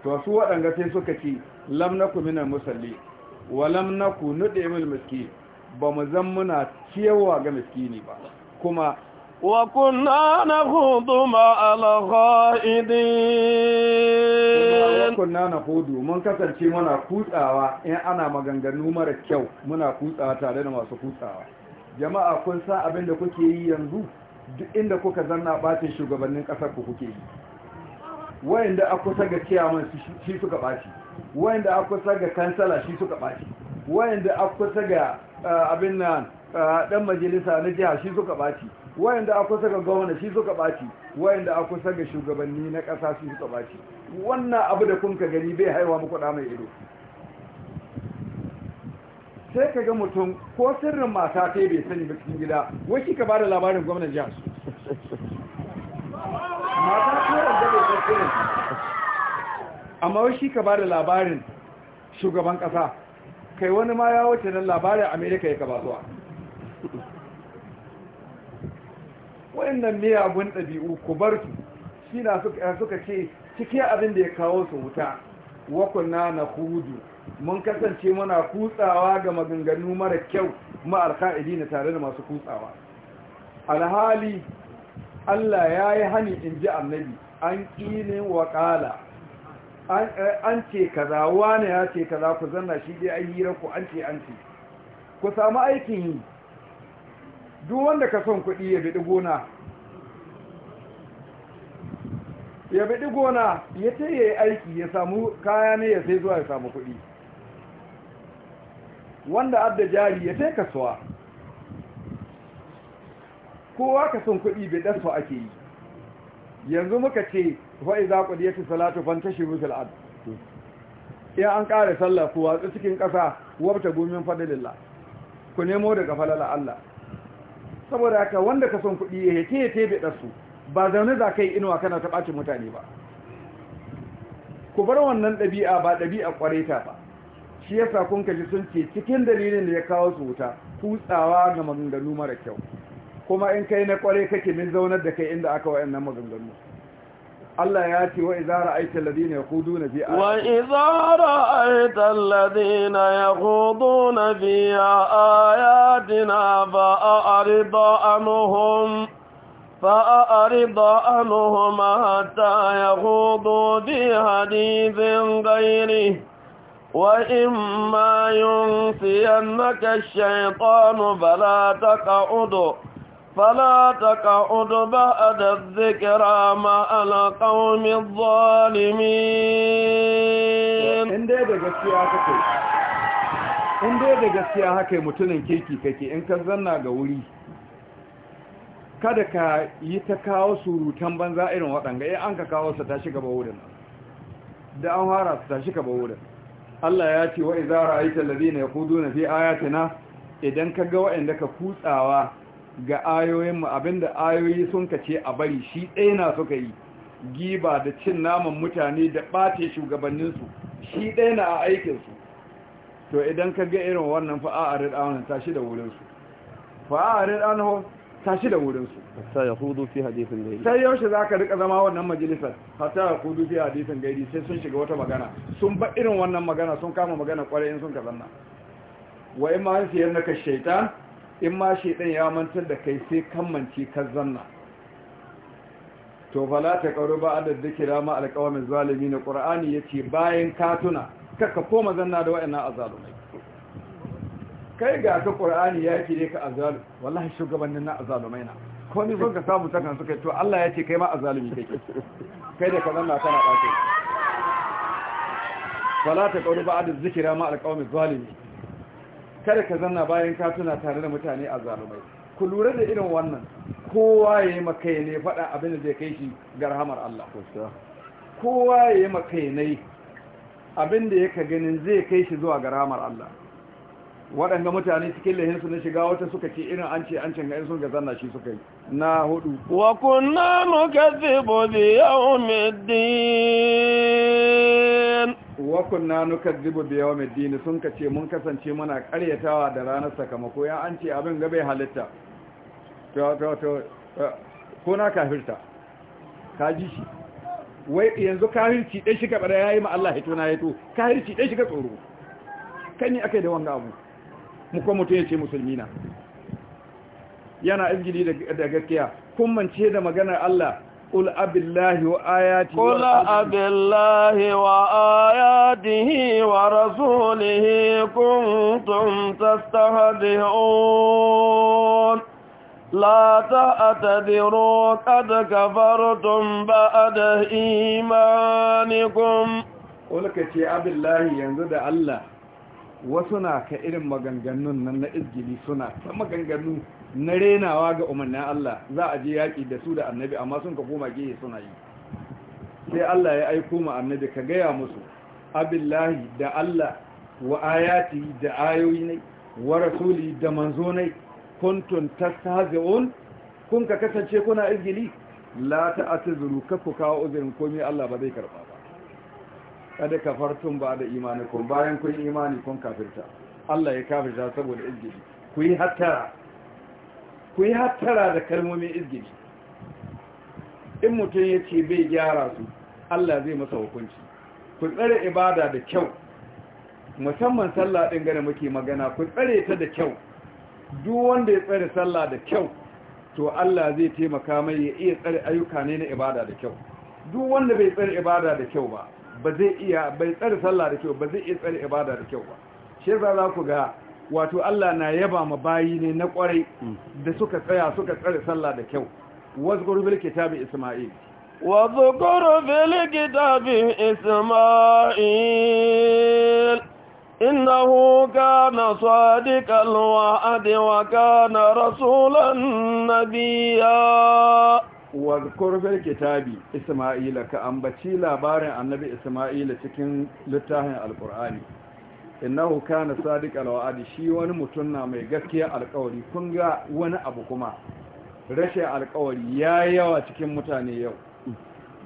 S2: to su waɗanda sai suka ce lam nakum minal musalli wa lam nakunu nud'imul miskin ba mu zan muna cewa ga miskini ba kuma wa kunna nakhudu ma al-ghaidin kunna nakhudu mun kasance muna kutsawa in ana maganganu mara kyau muna kutsawa tare da masu kutsawa jama'a kun san abin da kuke yi yanzu duk inda kuka zanna bacin shugabannin kasar ku kuke yi wayanda aka kusa ga chairman shi suka baci wayanda aka kusa ga kansala shi suka baci wayanda aka kusa ga abin nan dan majalisa na jiha shi suka ɓaci wayanda a kusa ga gwamna shi suka ɓaci wayanda a kusa ga shugabanni na ƙasa shi suka ɓaci wannan abu da kun ka gani bai haiwa muku da mai ido sai ka ga mutum ko sirrin mata ta bai sani ba cikin gida wai kika ba da labarin gwamnan su. mata
S3: ta da bai san sirrin
S2: amma wai shi ka ba da labarin shugaban ƙasa kai wani ma ya wuce nan labarin amerika ya kaba zuwa wayannan miyagun ɗabi'u ku bar su shi na suka ce cikin abin da ya kawo su wuta wakunna na hudu mun kasance muna kutsawa ga maganganu mara kyau kuma alka'idi na tare da masu kutsawa alhali allah ya yi hani in ji annabi an ƙinin waƙala Eh, an ce kaza wane ya ce kaza ku zanna shi dai an yi ku an ce an ce ku samu aikin yi duk wanda ka son kuɗi ya biɗi gona ya biɗi gona ya ce ya yi aiki ya samu kaya ne ya sai zuwa ya samu kuɗi wanda adda jari ya sai kasuwa kowa ka son kuɗi bai ɗansu ake yi yanzu muka ce fa iza qudiyatu salatu fantashiru fil ad ya an ƙara sallah ku watsu cikin ƙasa wabta gumin fadlillah ku nemo daga falala Allah saboda haka wanda ka son kuɗi ya ce ya tebe ɗarsu ba zaune za ka inuwa kana ta ɓacin mutane ba ku bar wannan ɗabi'a ba ɗabi'a ƙwareta ba shi yasa kun kaji sun ce cikin dalilin da ya kawo su wuta kutsawa ga maganganu mara kyau kuma in kai na kware kake min zaunar da kai inda aka wa'annan maganganu Allah ya ce wa idza ra'aita alladhina yaquduna fi ayatina wa idza ra'aita alladhina
S1: yaquduna fi ayatina fa'rid anhum فأعرض عنهم حتى يخوضوا في حديث غيره وإما ينسينك الشيطان فلا تقعد فلا تقعد بعد الذكرى مع القوم الظالمين
S2: in dai da gaskiya ان in دغسيا da متنين كيكي mutumin kirki kake in ka zanna ga wuri kada ka yi ta kawo surutan banza irin waɗanga ya eh, an ka kawo su ta shiga bawurin da an hara su ta shiga bawurin Allah ya ce wa izara aita kudu na fi ayatina idan ka ga waɗanda ka kutsawa ga ayoyinmu abinda ayoyi sun kace a bari shi ɗaya na suka yi giba da cin naman mutane da ɓace shugabanninsu shi ɗaya na a aikinsu to idan ka ga irin wannan fa'a a fa'a'arar ɗanunan tashi da wurinsu fa'a'arar ɗanunan tashi da wurinsu ta ya hudu fi hadisin gairi sai yaushe za ka rika zama wannan majalisar hata ya hudu fi hadisin gairi sai sun shiga wata magana sun ba irin wannan magana sun kama magana kwarai sun ka zanna wa in ma hansu yadda ka shaitan in ma shi ɗin ya mantar da kai sai kammanci ka zanna to fala ta karu ba adad zikira ma na zalimin qur'ani yace bayan ka tuna kaka koma zanna da wayannan azalumai kai ga ka qur'ani ya kire ka azalum wallahi shugabannin na azalumai na ko ni kun ka samu takan suka to Allah yace kai ma azalumi kake kai da ka zanna kana bace fala ta karu ba adad zikira ma alqawamin zalimin kada ka zanna bayan ka tuna tare da mutane a zalumai ku lura da irin wannan kowa ya yi makai ne faɗa abin da zai kai shi ga rahamar Allah kowa ya yi makai ne abin da ya ka ganin zai kai shi zuwa ga rahamar Allah waɗanda mutane cikin su na shiga wata suka ce irin an ce an can ga'in sun zanna shi suka yi na hudu wa kunna nukazzibu bi yawmiddin Wakun wa kunna nukazzibu bi mai dini sun kace mun kasance muna karyatawa da ranar sakamako ya an ce abin gabai halitta Ta to to ko na kafirta ka ji shi wai yanzu kafirci ɗai shiga bara ya ma Allah hito na hito kafirci shi shiga tsoro kan aka yi da wanga abu mu mutu ya ce musulmi na yana izgili da gaskiya kun mance da maganar Allah قل أب الله وآياته قل أب الله وآياته ورسوله
S1: كنتم تستهدئون لا تعتذروا قد كفرتم بعد إيمانكم
S2: قل كتي أب الله ينزد الله wasu na ka irin maganganun nan na izgili suna ta maganganu na renawa ga umarnin Allah za a je yaƙi da su da annabi amma sun ka koma gehe suna yi sai Allah ya aiko ma annabi ka gaya musu abillahi da Allah wa ayati da ayoyi ne wa rasuli da manzo ne kuntum tastahzi'un kun ka kasance kuna izgili la ta'tazuru kafu kawo uzurin komai Allah ba zai karba kada kafartun ba da imanikun bayan kun imani kun kafirta Allah ya kafirta saboda izgidi ku yi hattara ku yi hattara da kalmomin izgidi in mutum ya ce bai gyara su Allah zai masa hukunci ku tsare ibada da kyau musamman sallah din gane muke magana ku tsare ta da kyau duk wanda ya tsare sallah da kyau to Allah zai taimaka mai ya iya tsare ayyuka ne na ibada da kyau duk wanda bai tsare ibada da kyau ba ba zai iya bai tsare sallah da kyau ba zai iya tsare ibada da kyau ba shi yasa za ku ga wato Allah na yaba ma bayi ne na kwarai mm. da suka tsaya suka tsare sallah da kyau wazkuru bil kitabi isma'il
S1: wazkuru bil kitabi isma'il innahu kana sadiqal wa'd wa kana rasulan nabiyya
S2: wa kurfil kitabi isma'ila ka ambaci labarin annabi isma'ila cikin littafin alqur'ani innahu kana sadiq alwa'di shi wani mutum na mai gaskiya alƙawari kun ga wani abu kuma rashin alƙawari ya yawa cikin mutane yau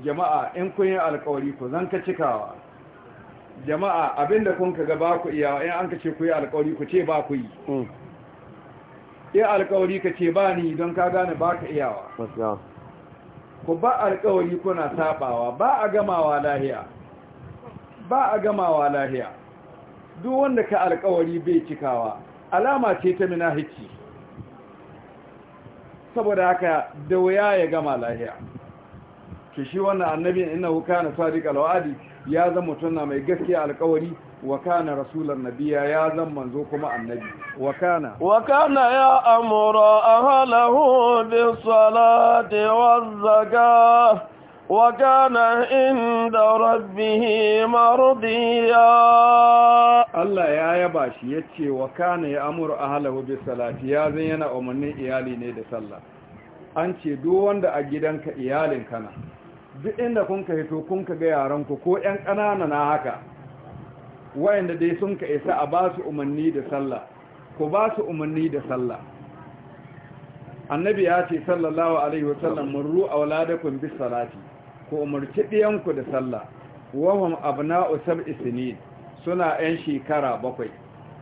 S2: jama'a in kun yi alƙawari ku zan ka cikawa jama'a abinda kun ka ga ba ku iyawa in an ka ce ku yi alƙawari ku ce ba ku yi mm. in alƙawari ka ce ba ni don ka gane ba ka iyawa ku ba alkawari kuna sabawa ba a gamawa lahiya ba a gamawa lahiya duk wanda ka alƙawari bai cikawa alama ce ta mina minahici saboda haka da wuya ya gama lahiya to shi wannan annabi innahu Sadiq al wa'di ya zama mutum mai gaskiya alƙawari. wa kana rasular nabiya ya zan manzo kuma annabi wa kana wa kana ya amura ahlahu bis
S1: salati waz zaka wa kana inda
S2: rabbih mardiya Allah ya yaba shi yace wa kana ya amura ahlahu bis salati ya zan yana umarnin iyali ne da sallah an ce duk wanda a gidanka iyalin kana duk inda kun ka hito kun ka ga yaran ku ko ƴan ƙanana na haka wayanda dai sun ka isa a ba su umarni da sallah ku ba su umarni da sallah annabi ya ce sallallahu alaihi wa sallam murru auladakum bis salati ku umarci ɗiyanku da sallah wahum abna'u sab'i sinin suna 'yan shekara bakwai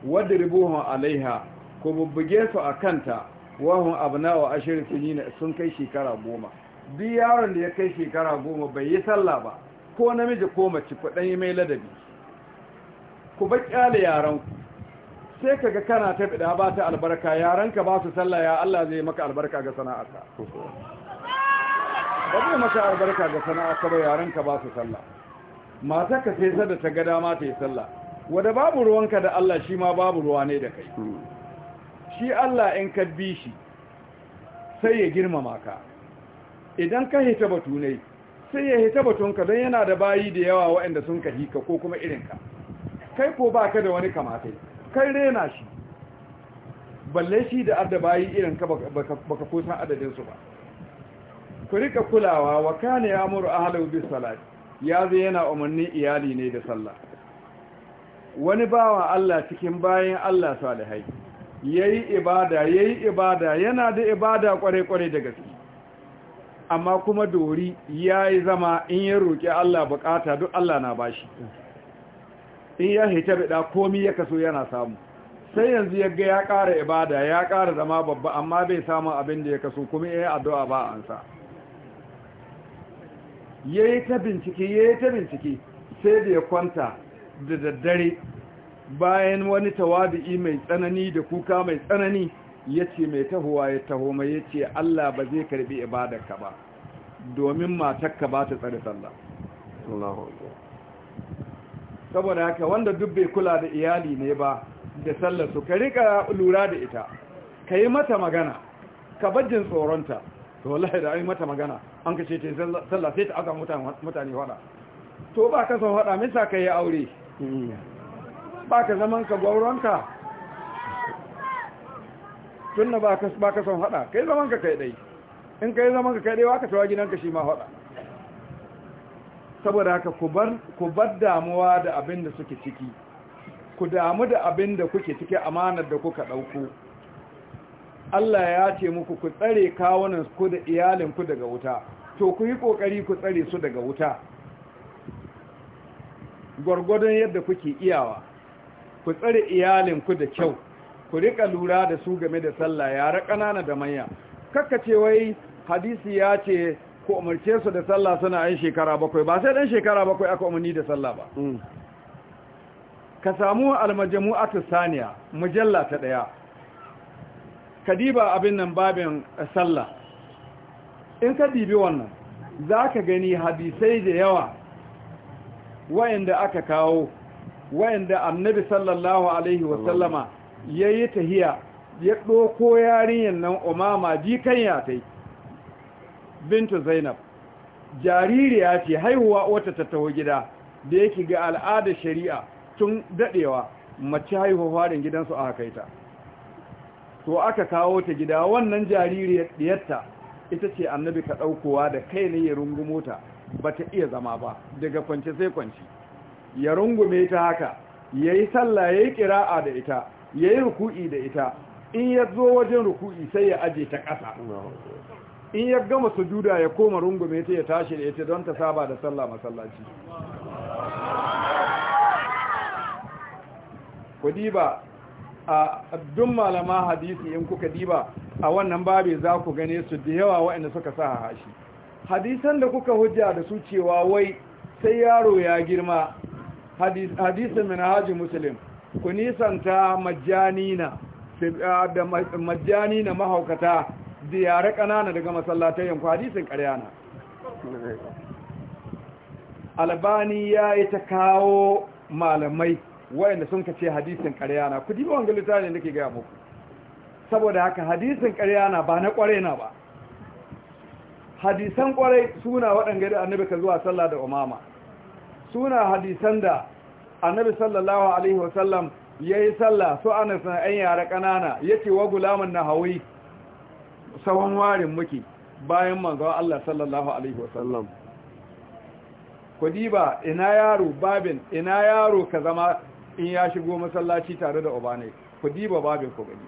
S2: wadribuhum alaiha ku bubbuge su akanta wahum abna'u ashir sinin sun kai shekara goma duk yaron da ya kai shekara goma bai yi sallah ba ko namiji ko mace ku dan yi mai ladabi ku ba kyale yaranku sai ka ga kana ta fida ba ta albarka yaranka ba su sallah ya Allah zai maka albarka ga sana'arka ba zai maka albarka ga sana'arka ba yaranka ba su sallah mata ka sai sada ta ga dama ta yi sallah wanda babu ruwanka da Allah shi ma babu ruwa ne da kai shi Allah in ka bi shi sai ya girmama ka idan ka hita batu ne sai ya hita batunka don yana da bayi da yawa waɗanda sun ka hika ko kuma irinka kai ko ba ka da wani kamatai kai rena shi balle shi da adda bayi irin ka baka kusan adadinsu ba ku rika kulawa wa kana ya muru ahalau bis salat ya zai yana umarnin iyali ne da sallah wani bawa Allah cikin bayan Allah salihai yayi ibada yayi ibada yana da ibada kware-kware da gaske amma kuma dori yayi zama in ya roki Allah bukata duk Allah na bashi in ya hita bida komi ya kaso yana samu sai yanzu ya ga ya ƙara ibada ya ƙara zama babba amma bai samu abin da ya kaso kuma ya addu'a ba an sa ya yi ta bincike ya ta bincike sai da ya kwanta da daddare bayan wani tawabi'i mai tsanani da kuka mai tsanani ya ce mai tahowa ya taho mai ya Allah ba zai karbi ibadarka ba domin matarka ba ta tsare sallah saboda haka wanda duk bai kula da iyali ne ba da sallarsu ka rika lura da ita ka yi mata magana ka bajin tsoronta to wallahi da ai mata magana an ka ce ta sallah sai ta aka mutane wada to ba ka son wada misa ka yi aure ba ka zaman ka gwauronka tunna ba ka son Ka kai zaman ka kai dai in kai zaman ka kai dai wa ka tawa gidanka shi ma wada saboda haka ku bar damuwa da abin da suke ciki ku damu da abin da kuke ciki amanar da kuka ɗauko Allah ya ce muku ku tsare kawunan ku da iyalin ku daga wuta to ku yi kokari ku tsare su daga wuta gwargwadon yadda kuke iyawa ku tsare iyalin ku da kyau ku rika lura da su game da sallah yara ƙanana da manya kakkace wai hadisi ya ce ku umarce su da sallah suna yin shekara bakwai ba sai dan shekara bakwai aka umarni da sallah ba mm. ka samu almajamu'atu saniya mujalla ta daya kadiba abin nan babin eh, sallah in ka dibi wannan zaka gani hadisai da yawa wayanda aka kawo wayanda annabi sallallahu alaihi sallama yayi tahiya ya ɗauko yarinyar nan umama ya tai bintu zainab jaririya ce haihuwa wata ta taho gida da yake ga al'adar shari'a tun dadewa mace haihuwa farin gidansu a ita. to aka kawo ta gida wannan jaririyar diyarta ita ce annabi ka daukowa da kai ne ya rungumo ta bata iya zama ba daga kwance sai kwance ya rungume ta haka yayi sallah yayi kira'a da ita yayi ruku'i da ita in ya zo wajen ruku'i sai ya aje ta ƙasa in ya gama sujuda ya koma rungume ta ya tashi da ita don ta saba da sallah masallaci ku diba a duk malama hadisi in kuka diba a wannan babe za ku gane su da yawa waɗanda suka sa hashi hadisan da kuka hujja da su cewa wai sai yaro ya girma hadisin Manhaji haji muslim ku nisanta majjanina da majjanina mahaukata da yare ƙanana daga masallatai yanku hadisin ƙarya na albani ya yi ta kawo malamai wayanda sun kace hadisin ƙarya na ku diba wanga littafin da ke gaya muku saboda haka hadisin ƙarya na ba na ƙwarai na ba hadisan ƙwarai suna waɗanda da annabi ka zuwa sallah da umama suna hadisan da annabi sallallahu alaihi wasallam ya yi sallah su anas na 'yan yare ƙanana ya ce wa gulamin na hawi tsawon warin muke bayan manzon Allah sallallahu alaihi wasallam kudiba ina yaro babin ina yaro ka zama in ya shigo masallaci tare da obane kudiba babin ku gani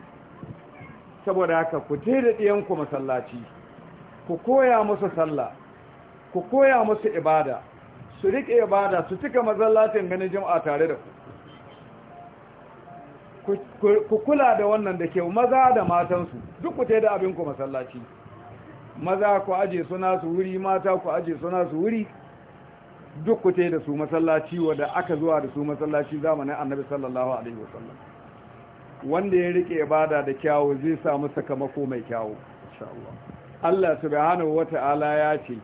S2: saboda haka ku je da ku masallaci ku koya musu sallah ku koya musu ibada su rike ibada su tuka masallacin ganin jama'a tare da ku ku kula da wannan da kyau maza da matansu duk ku da abin ku masallaci maza ku aje suna su wuri mata ku aje suna su wuri duk ku da su masallaci wanda aka zuwa da su masallaci zamanin annabi sallallahu alaihi wasallam wanda ya rike ibada da kyawu zai samu sakamako mai kyawu insha Allah Allah subhanahu wata'ala ya ce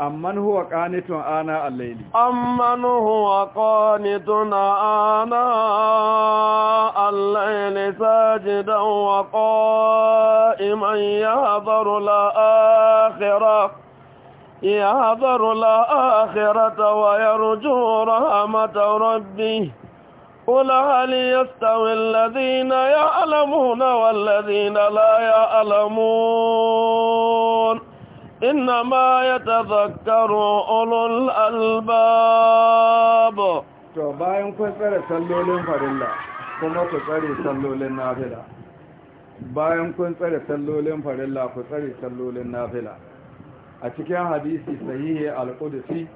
S2: أمن هو قانت آناء الليل أمن هو قانت آناء الليل
S1: ساجدا وقائما يهضر الآخرة يهضر الآخرة ويرجو رحمة ربي قل هل يستوي الذين يعلمون والذين لا يعلمون إنما يتذكر أولو الألباب
S2: to bayan kun tsare sallolin farilla kuma ku tsare sallolin nafila bayan kun tsare sallolin farilla ku tsare sallolin nafila a cikin hadisi sahihi al-qudsi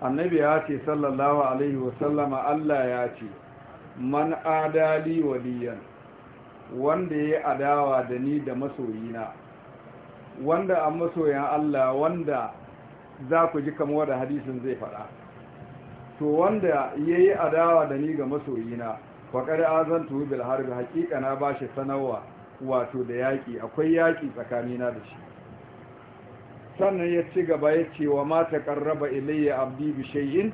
S2: annabi ya ce sallallahu alaihi wa sallama Allah ya ce man adali waliyan wanda ya adawa da ni da masoyina wanda a masoyan Allah wanda za ku ji kamar da hadisin zai faɗa to wanda ya yi adawa da ni ga masoyina faƙar azan tuhu bil harbi haƙiƙa na bashi shi sanarwa wato da yaƙi akwai yaƙi tsakanina da shi sannan ya ci gaba ya ce wa mata ƙarraba ilayya abdi bi shay'in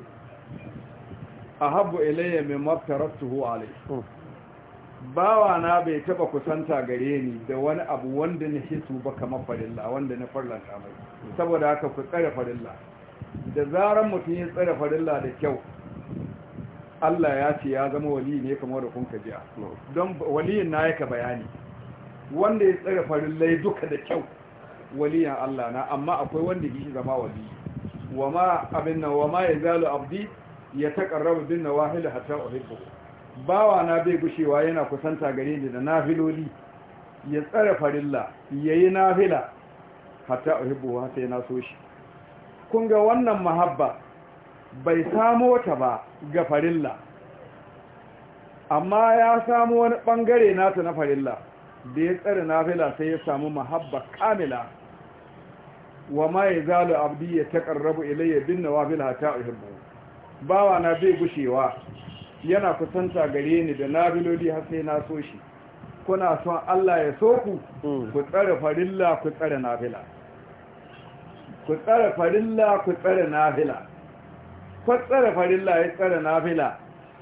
S2: ahabbu ilayya min maftaratuhu alayhi hmm. bawa na bai taba kusanta gare ni da wani abu wanda na hisu ba kamar farilla wanda na farlanta mai saboda haka ku tsare farilla da zaran mutum ya tsare farilla da kyau Allah ya ce ya zama wali ne kamar da kun kaji don waliyin na yaka bayani wanda ya tsare farillai duka da kyau waliyan Allah na amma akwai wanda yake zama wali wama abin nan wama yazalu abdi ya taqarrabu bin nawafil hatta uhibbu bawa na bai gushewa yana kusanta gare ni da nafiloli ya tsara farilla yayi nafila hatta uhibbu sai na so shi kun ga wannan mahabba bai samo ta ba ga farilla amma ya samu wani bangare nata na farilla da ya tsara nafila sai ya samu mahabba kamila wa ma ya zalu abdi ya taƙarrabu ilayya bin nawafil hatta uhibbu bawa na bai gushewa yana kusanta gare ni da nabiloli har sai na so shi kuna son Allah ya so ku hmm. ku tsare farilla ku tsare nafila ku tsare farilla ku tsare nafila ku tsare farilla ya tsare nafila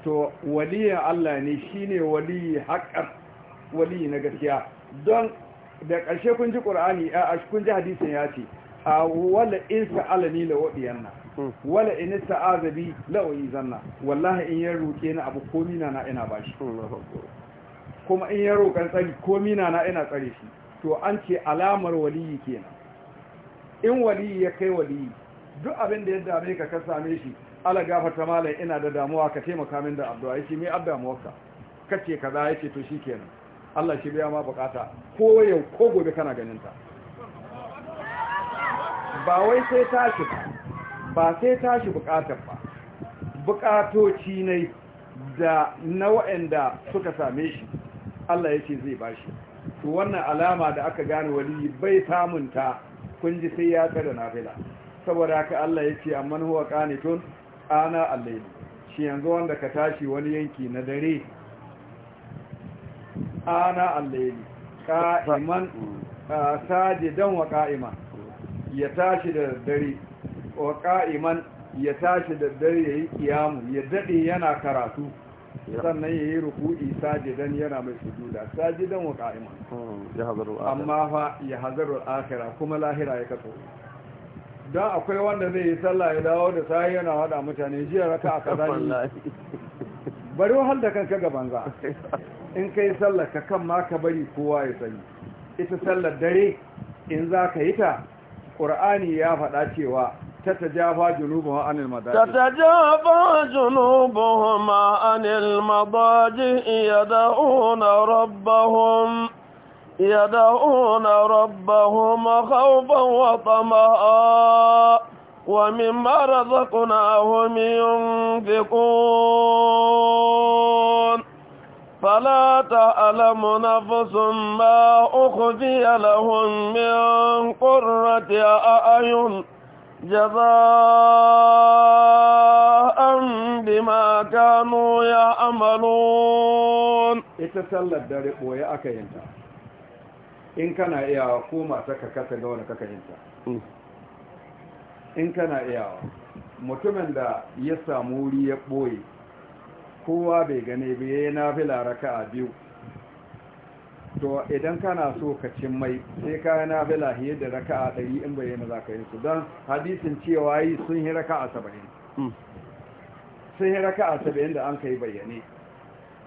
S2: to waliyin Allah ne shine wali haƙar wali na gaskiya don da ƙarshe kun ji ƙur'ani a kun ji hadisin ya ce a wala insa alani la wadiyanna wala in azabi la zanna. wallahi in ya roke ni abu komi na na ina bashi kuma in ya roƙan tsari komi na na ina tsare shi to an ce alamar waliyi kenan in waliyi ya kai waliyi duk abin da ya dame ka ka same shi ala gafarta malam ina da damuwa ka taimaka min da abdu'a yace me addamuwarka kace kaza yace to shikenan Allah shi biya ma bukata ko yau ko gobe kana ganin ta ba wai sai ta ci ba sai tashi bukatar ba bukatoci ne da na waɗanda suka same shi Allah ya ce zai bashi to wannan alama da aka gane wali bai samun ta kun ji sai ya tsada nafila saboda haka Allah ya ce amman huwa qanitun ana al-layl shi yanzu wanda ka tashi wani yanki na dare ana allahi qa'iman sajidan wa qa'ima ya tashi da dare wa ka'iman ya tashi da dare ya yi kiyamu ya daɗe yana karatu sannan ya yi ruku'i sajidan yana mai sujuda sajidan wa ka'iman hmm, amma fa ya hazaru akhira kuma lahira ya kaso don akwai wanda zai yi sallah ya dawo da sahi yana wada mutane jiya raka a kaza bari wahal da kanka ga banza in kai sallah ka kan ma ka bari kowa ya sani ita sallar dare in za ka yi ta ƙur'ani ya faɗa cewa تتجافى جنوبها عن المضاجع
S1: تتجافى جنوبهما عن المضاجع يدعون ربهم يدعون ربهم خوفا وطمعا ومما رزقناهم ينفقون فلا تعلم نفس ما أخذي لهم من قرة أعين جزاء
S2: بما كانوا يعملون ita sallar dare boye aka yinta in kana iyawa ko masu ka kasa ga kaka yinta in kana iyawa mutumin da ya samu wuri ya ɓoye, kowa bai gane bai yana fi laraka a biyu to idan kana so ka cin mai sai ka na bila hiyar da raka a ɗari in bayyana za ka yi su don hadisin cewa yi sun yi raka a saba'in hmm. sun yi raka a saba'in da an ka yi bayyane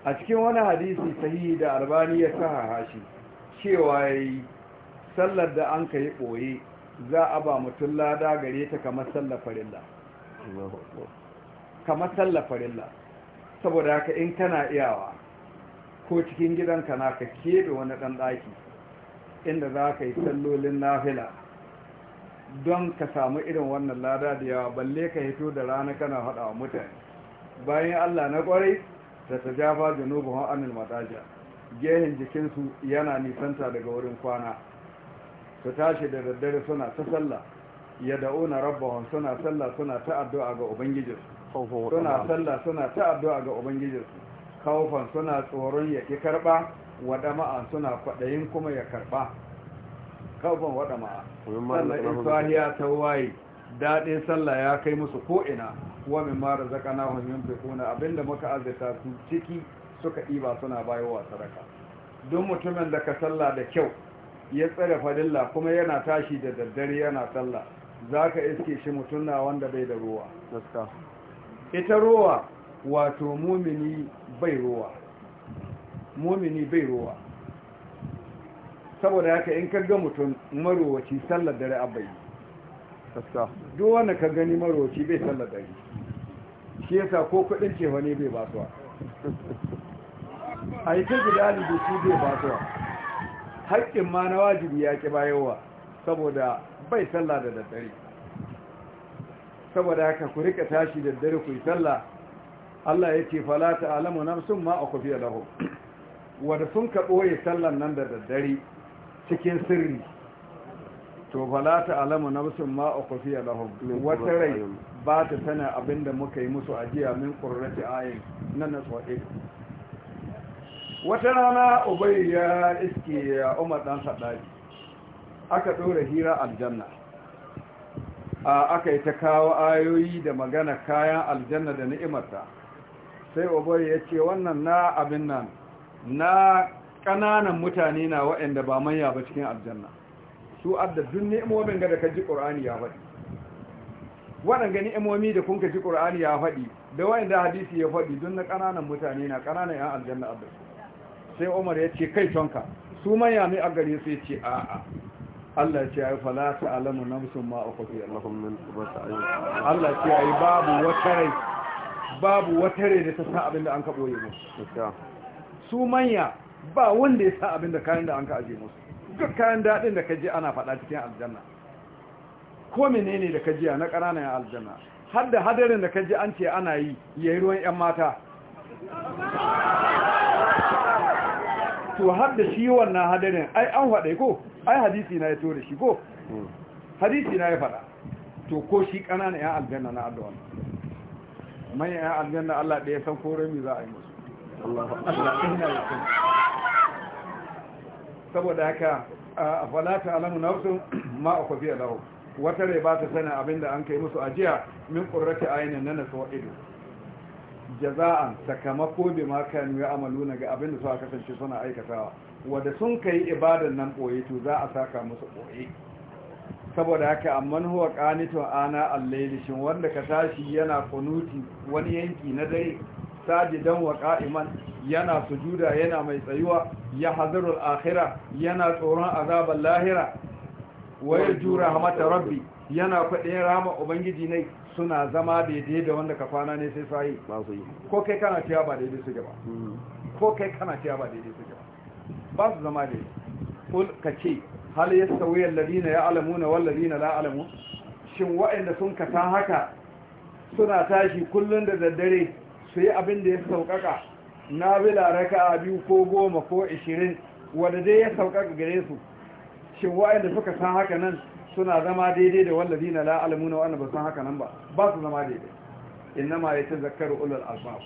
S2: a cikin wani hadisi sahihi da albani ya saha hashi cewa yi sallar da an ka yi ɓoye za a ba mutum lada gare ta kamar sallar farilla kamar sallar farilla saboda haka in kana iyawa ko cikin gidanka na ka kebe wani ɗan ɗaki inda za ka yi sallolin nafila don ka samu irin wannan lada da yawa balle ka hito da rana kana haɗa wa mutane bayan allah na ƙwarai da ta jafa janubu amil mataja gehen jikinsu yana nisanta daga wurin kwana su tashi da daddare suna ta sallah ya da'una rabbahun suna suna ta addu'a ga ubangijinsu suna sallah suna ta addu'a ga ubangijinsu kaufan suna tsoron ya ƙi karɓa waɗama'a suna kwaɗayin kuma ya karɓa kaufan waɗama'a sannan in tsariya ta waye daɗin sallah ya kai musu ko'ina Kuwa min mara zaka na hanyar fekuna abinda muka arzika su ciki suka ɗiba suna bayowa sadaka don mutumin da ka sallah da kyau ya tsare fadilla kuma yana tashi da daddare yana sallah za ka iske shi mutum na wanda bai da ruwa ita ruwa wato mumini bai ruwa mumini bai ruwa saboda haka in ka ga mutum marowaci sallar dare abai duk wanda ka gani marowaci bai sallar dare shi yasa ko kudin cewa ne bai basuwa a yi ta guda da bai basuwa haƙƙin ma na wajibi ya ƙi bayowa saboda bai sallar da daddare saboda haka ku rika tashi da daddare ku yi sallar Allah ya ce falata alamu nafsun ma a kufiya lahu wadda sun ka ɓoye sallan nan da daddare cikin sirri to falata alamu nafsun ma a kufiya lahu wata rai ba ta sana abinda muka yi musu ajiya min ƙurrati ayin nan na tsohe wata rana ubai ya iske ya umar ɗan saɗari aka ɗora hira aljanna aka yi ta kawo ayoyi da magana kayan aljanna da ni'imarta sai obar ya ce wannan na abin nan na ƙananan mutane na waɗanda ba manya ba cikin aljanna su adda duk ni'imomin ga da ka ji ƙur'ani ya faɗi waɗanga ni'imomi da kun ka ji ƙur'ani ya faɗi da waɗanda hadisi ya faɗi duk na ƙananan mutane na ƙananan 'yan aljanna abin sai umar ya ce kai tonka su manya ne a gare su ya ce a'a Allah ce ayi fala ta alamu nafsun ma ukhfi Allahumma Allah ce ayi babu wata rai babu wata rai da ta sa abin da an kaɓo yi musu su manya ba wanda ya sa abin da kayan da an ka aje musu duk kayan daɗin da ka je ana faɗa cikin aljanna ko menene da ka jiya na ƙananan aljanna har da hadarin da ka ji an ce ana yi yi ruwan 'yan mata to har da shi wannan hadarin ai an faɗa ko ai hadisi na ya to shi ko hmm. hadisi na ya faɗa to ko shi ƙananan 'yan aljanna na addu'a manyan yan aljanna Allah ɗaya san ko rami za a yi musu saboda haka a falata alamu wasu ma a kwafi alahu wata rai ba ta sanin abinda an kai musu ajiya min ƙurrata ainihin na nasuwa ido jaza'an sakamako bi ma kan yi amalu na ga abinda suka kasance suna aikatawa Wadda sun kai ibadan nan ɓoye to za a saka musu ɓoye. saboda haka amma huwa qanitun ana al-layli shin wanda ka tashi yana kunuti wani yanki na dare sajidan wa qa'iman yana sujuda yana mai tsayuwa ya hadaru al-akhirah yana tsoron azabal lahira wa jura rahmatar rabbi yana kwadin rama ubangiji ne suna zama daidai da wanda ka fana ne sai sai ko kai kana tiya ba daidai suke ba hmm. ko kai kana tiya ba daidai suke ba ba su zama daidai ko ka ce hal yastawi ya ya'lamuna wal ladina la alamu? shin wa'anda sun kasa haka suna tashi kullun da daddare su yi abin da ya saukaka na bila raka'a biyu ko goma ko 20 wanda dai ya saukaka gare su shin wa'anda suka san haka nan suna zama daidai da wallazina la alamuna wa'anda ba san haka nan ba ba su zama daidai Inna innama yatazakkaru ulul albab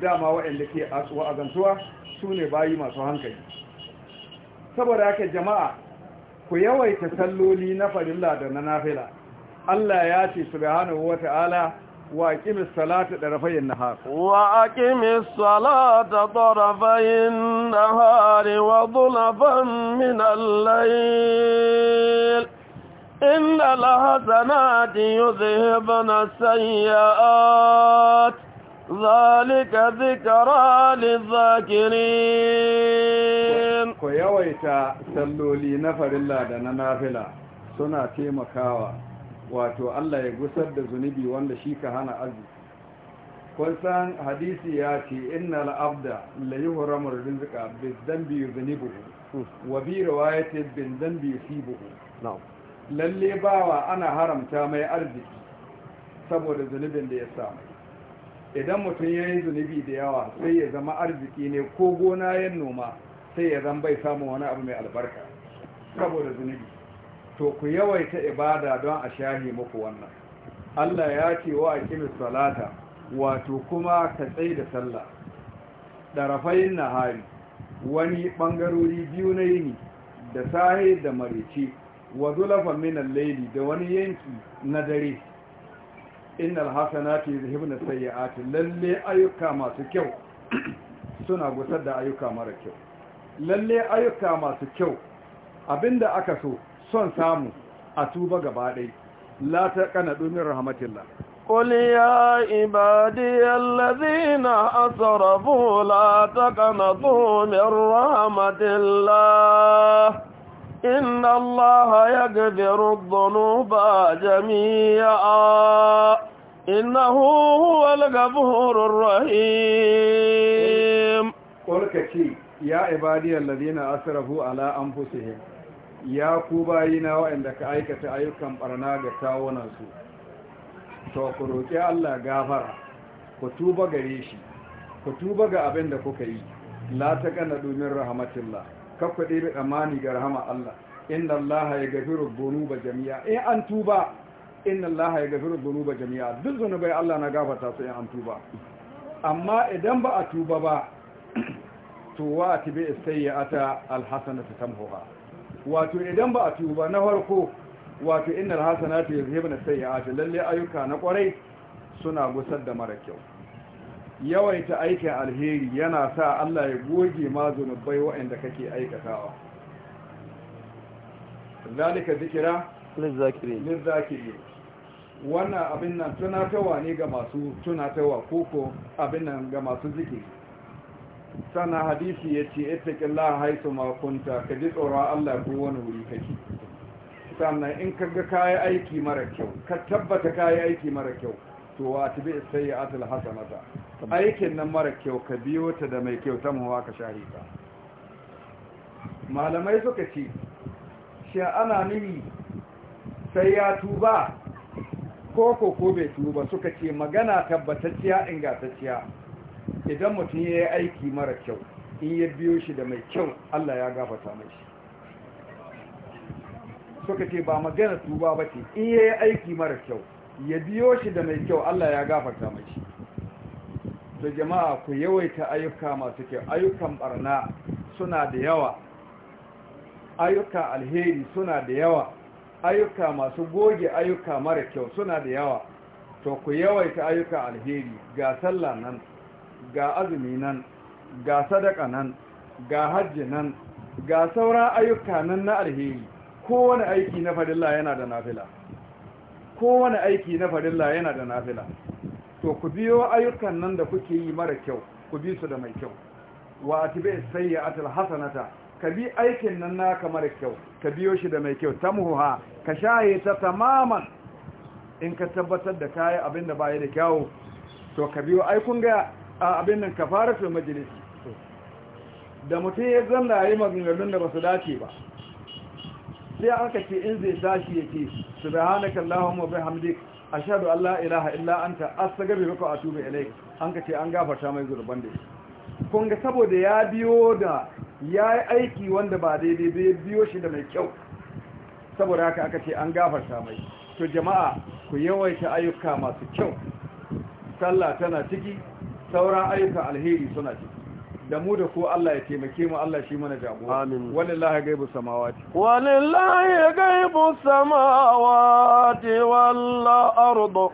S2: dama wa'anda ke wa'azantuwa sune bayi masu hankali saboda haka jama'a ku yawaita salloli na farilla da na nafila Allah ya ce subhanahu wata'ala wa aqimis salata tarafayn nahar wa aqimis salata tarafayn
S1: nahar wa dhulafan min al-layl inna lahasanati yuzhibna as-sayyi'at ذلك ذكرى للذاكرين
S2: ku yawaita salloli na farin da na nafila suna taimakawa wato Allah ya gusar da zunubi wanda shi ka hana arziki kun san hadisi ya ce innal abda la yuhramu rizqa bi dhanbi yuznibuhu wa bi riwayati bi dhanbi yusibuhu lalle bawa ana haramta mai arziki saboda zunubin da ya samu idan mutum ya yi zunubi da yawa sai ya zama arziki ne ko gona yin noma sai ya zan bai samu wani abu mai albarka saboda zunubi to ku yawaita ibada don a shahi muku wannan Allah ya ce wa kimis salata wato kuma ka tsaye da sallah na nahari wani bangarori biyu na yini da sahi da marici wa zulafa minan laili da wani yanki na dare innal hasanati yuzhibna sayyi'ati lalle ayyuka masu kyau suna gusar da ayyuka mara kyau lalle ayyuka masu kyau abinda aka so son samu a tuba gaba dai la ta kana dumin rahmatillah قل
S1: يا عبادي الذين أسرفوا لا تقنطوا من رحمة إن الله يغفر الذنوب جميعا إنه هو
S2: الغفور الرحيم قل كشي يا عبادي الذين أسرفوا على أنفسهم يا كوباينا وعندك أيكة أيكم برناك تاونانسو to ku roƙi Allah gafara ku tuba gare shi ku tuba ga abin da kuka yi la ta kana domin rahmatillah kakku da tsammani ga rahama Allah inna Allah ya gafiru dhunuba jami'a in an tuba inna Allah ya gafiru dhunuba jami'a duk zunubai Allah na gafarta su in an tuba amma idan ba a tuba ba to wa tibi sayyata alhasanatu tamhuha wato idan ba a tuba na farko wato innal hasanatu yuzhibna sayyi'ati lalle ayyuka na kwarai suna gusar da mara kyau yawaita aikin alheri yana sa Allah ya goge ma zunubai waɗanda kake aikatawa zalika zikira lizzakiri wannan abin nan tunatawa ne ga masu tunatawa koko abin nan ga masu zikiri sannan hadisi ya ce ittaƙillah haitu makunta ka ji tsoron Allah ko wani wuri kake sannan in ka ga kayi aiki mara kyau ka tabbata kayi aiki mara kyau to wa tabi hasa mata aikin nan mara kyau ka biyo ta da mai kyau ta muwa ka share malamai suka ce shi ana nini sai ya tuba ko ko ko bai tuba suka ce magana tabbatacciya ingatacciya idan mutum ya yi aiki mara kyau in ya biyo shi da mai kyau Allah ya gafata mai shi suka ce ba magana tuba ba ce in ya yi aiki mara kyau ya biyo shi da mai kyau Allah ya gafata mai shi da jama'a ku yawaita ayyuka masu kyau ayyukan barna suna da yawa ayyuka alheri suna da yawa ayyuka masu goge ayyuka mara kyau suna da yawa to ku yawaita ayyuka alheri ga sallah nan ga azumi nan ga sadaka nan ga hajji nan ga sauran ayyuka nan na alheri kowane aiki na fadilla yana da nafila kowane aiki na fadilla yana da nafila to ku biyo ayyukan nan da kuke yi mara kyau ku bi su da mai kyau wa atibi sayyi'atul hasanata ka bi aikin nan naka mara kyau ka biyo shi da mai kyau tamhuha ka shaye ta tamaman in ka tabbatar da kai abin da baya da kyau to ka biyo aikun ga abin nan kafaratu majlis da mutum ya zanna yi maganganun da basu dace ba sai aka ce in zai tashi yake subhanakallahumma wa bihamdika ashadu Allah ila ilaha illa anta astaghfiruka wa atubu ilayk an ka ce an gafarta mai zurban da kun ga saboda ya biyo da ya yi aiki wanda ba daidai bai biyo shi da mai kyau saboda haka aka ce an gafarta mai to jama'a ku yawaita ayyuka masu kyau sallah tana ciki sauran ayyukan alheri suna ciki da mu da ko Allah ya taimake mu Allah shi mana jagora amin wallahi gaibu samawati wallahi gaibu
S1: samawati wal ardu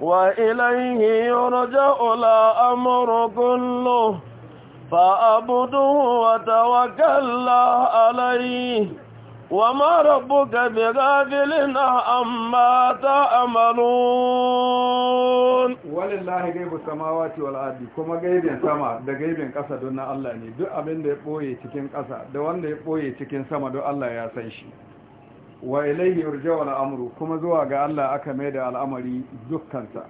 S1: wa ilayhi yurja'u la amru kullu fa'buduhu wa tawakkal alayhi وما ربك بغافل
S2: عما تعملون ولله غيب السماوات والارض كما غيبين sama da gaibin ƙasa don na Allah ne duk abinda ya ɓoye cikin ƙasa da wanda ya ɓoye cikin sama don Allah ya san shi wa ilaihi yurja'u al'amru kuma zuwa ga Allah aka mai da al'amari dukansa,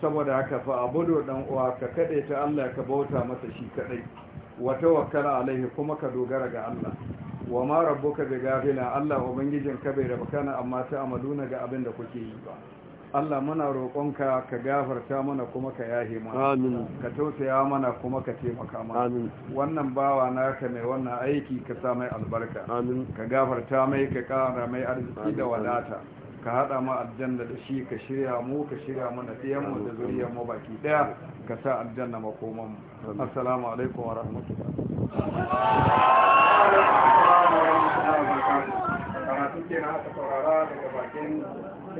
S2: saboda haka fa abudu dan uwa ka kade ta Allah ka bauta masa shi kaɗai. wa tawakkala alaihi kuma ka dogara ga Allah wa ma rabbuka bi gafina, Allah ubangijin ka bai rabu kana amma ta na ga abin da kuke yi ba Allah muna roƙonka ka gafarta mana kuma ka yahe mana amin ka tausaya mana kuma ka taimaka mana amin wannan bawa naka mai wannan aiki ka sa mai albarka amin ka gafarta mai ka ƙara mai arziki da wadata ka haɗa ma aljanna da shi ka shirya mu ka shirya mana mu da zuriyar mu baki ɗaya ka sa aljanna makoman assalamu alaikum wa
S3: Thank you.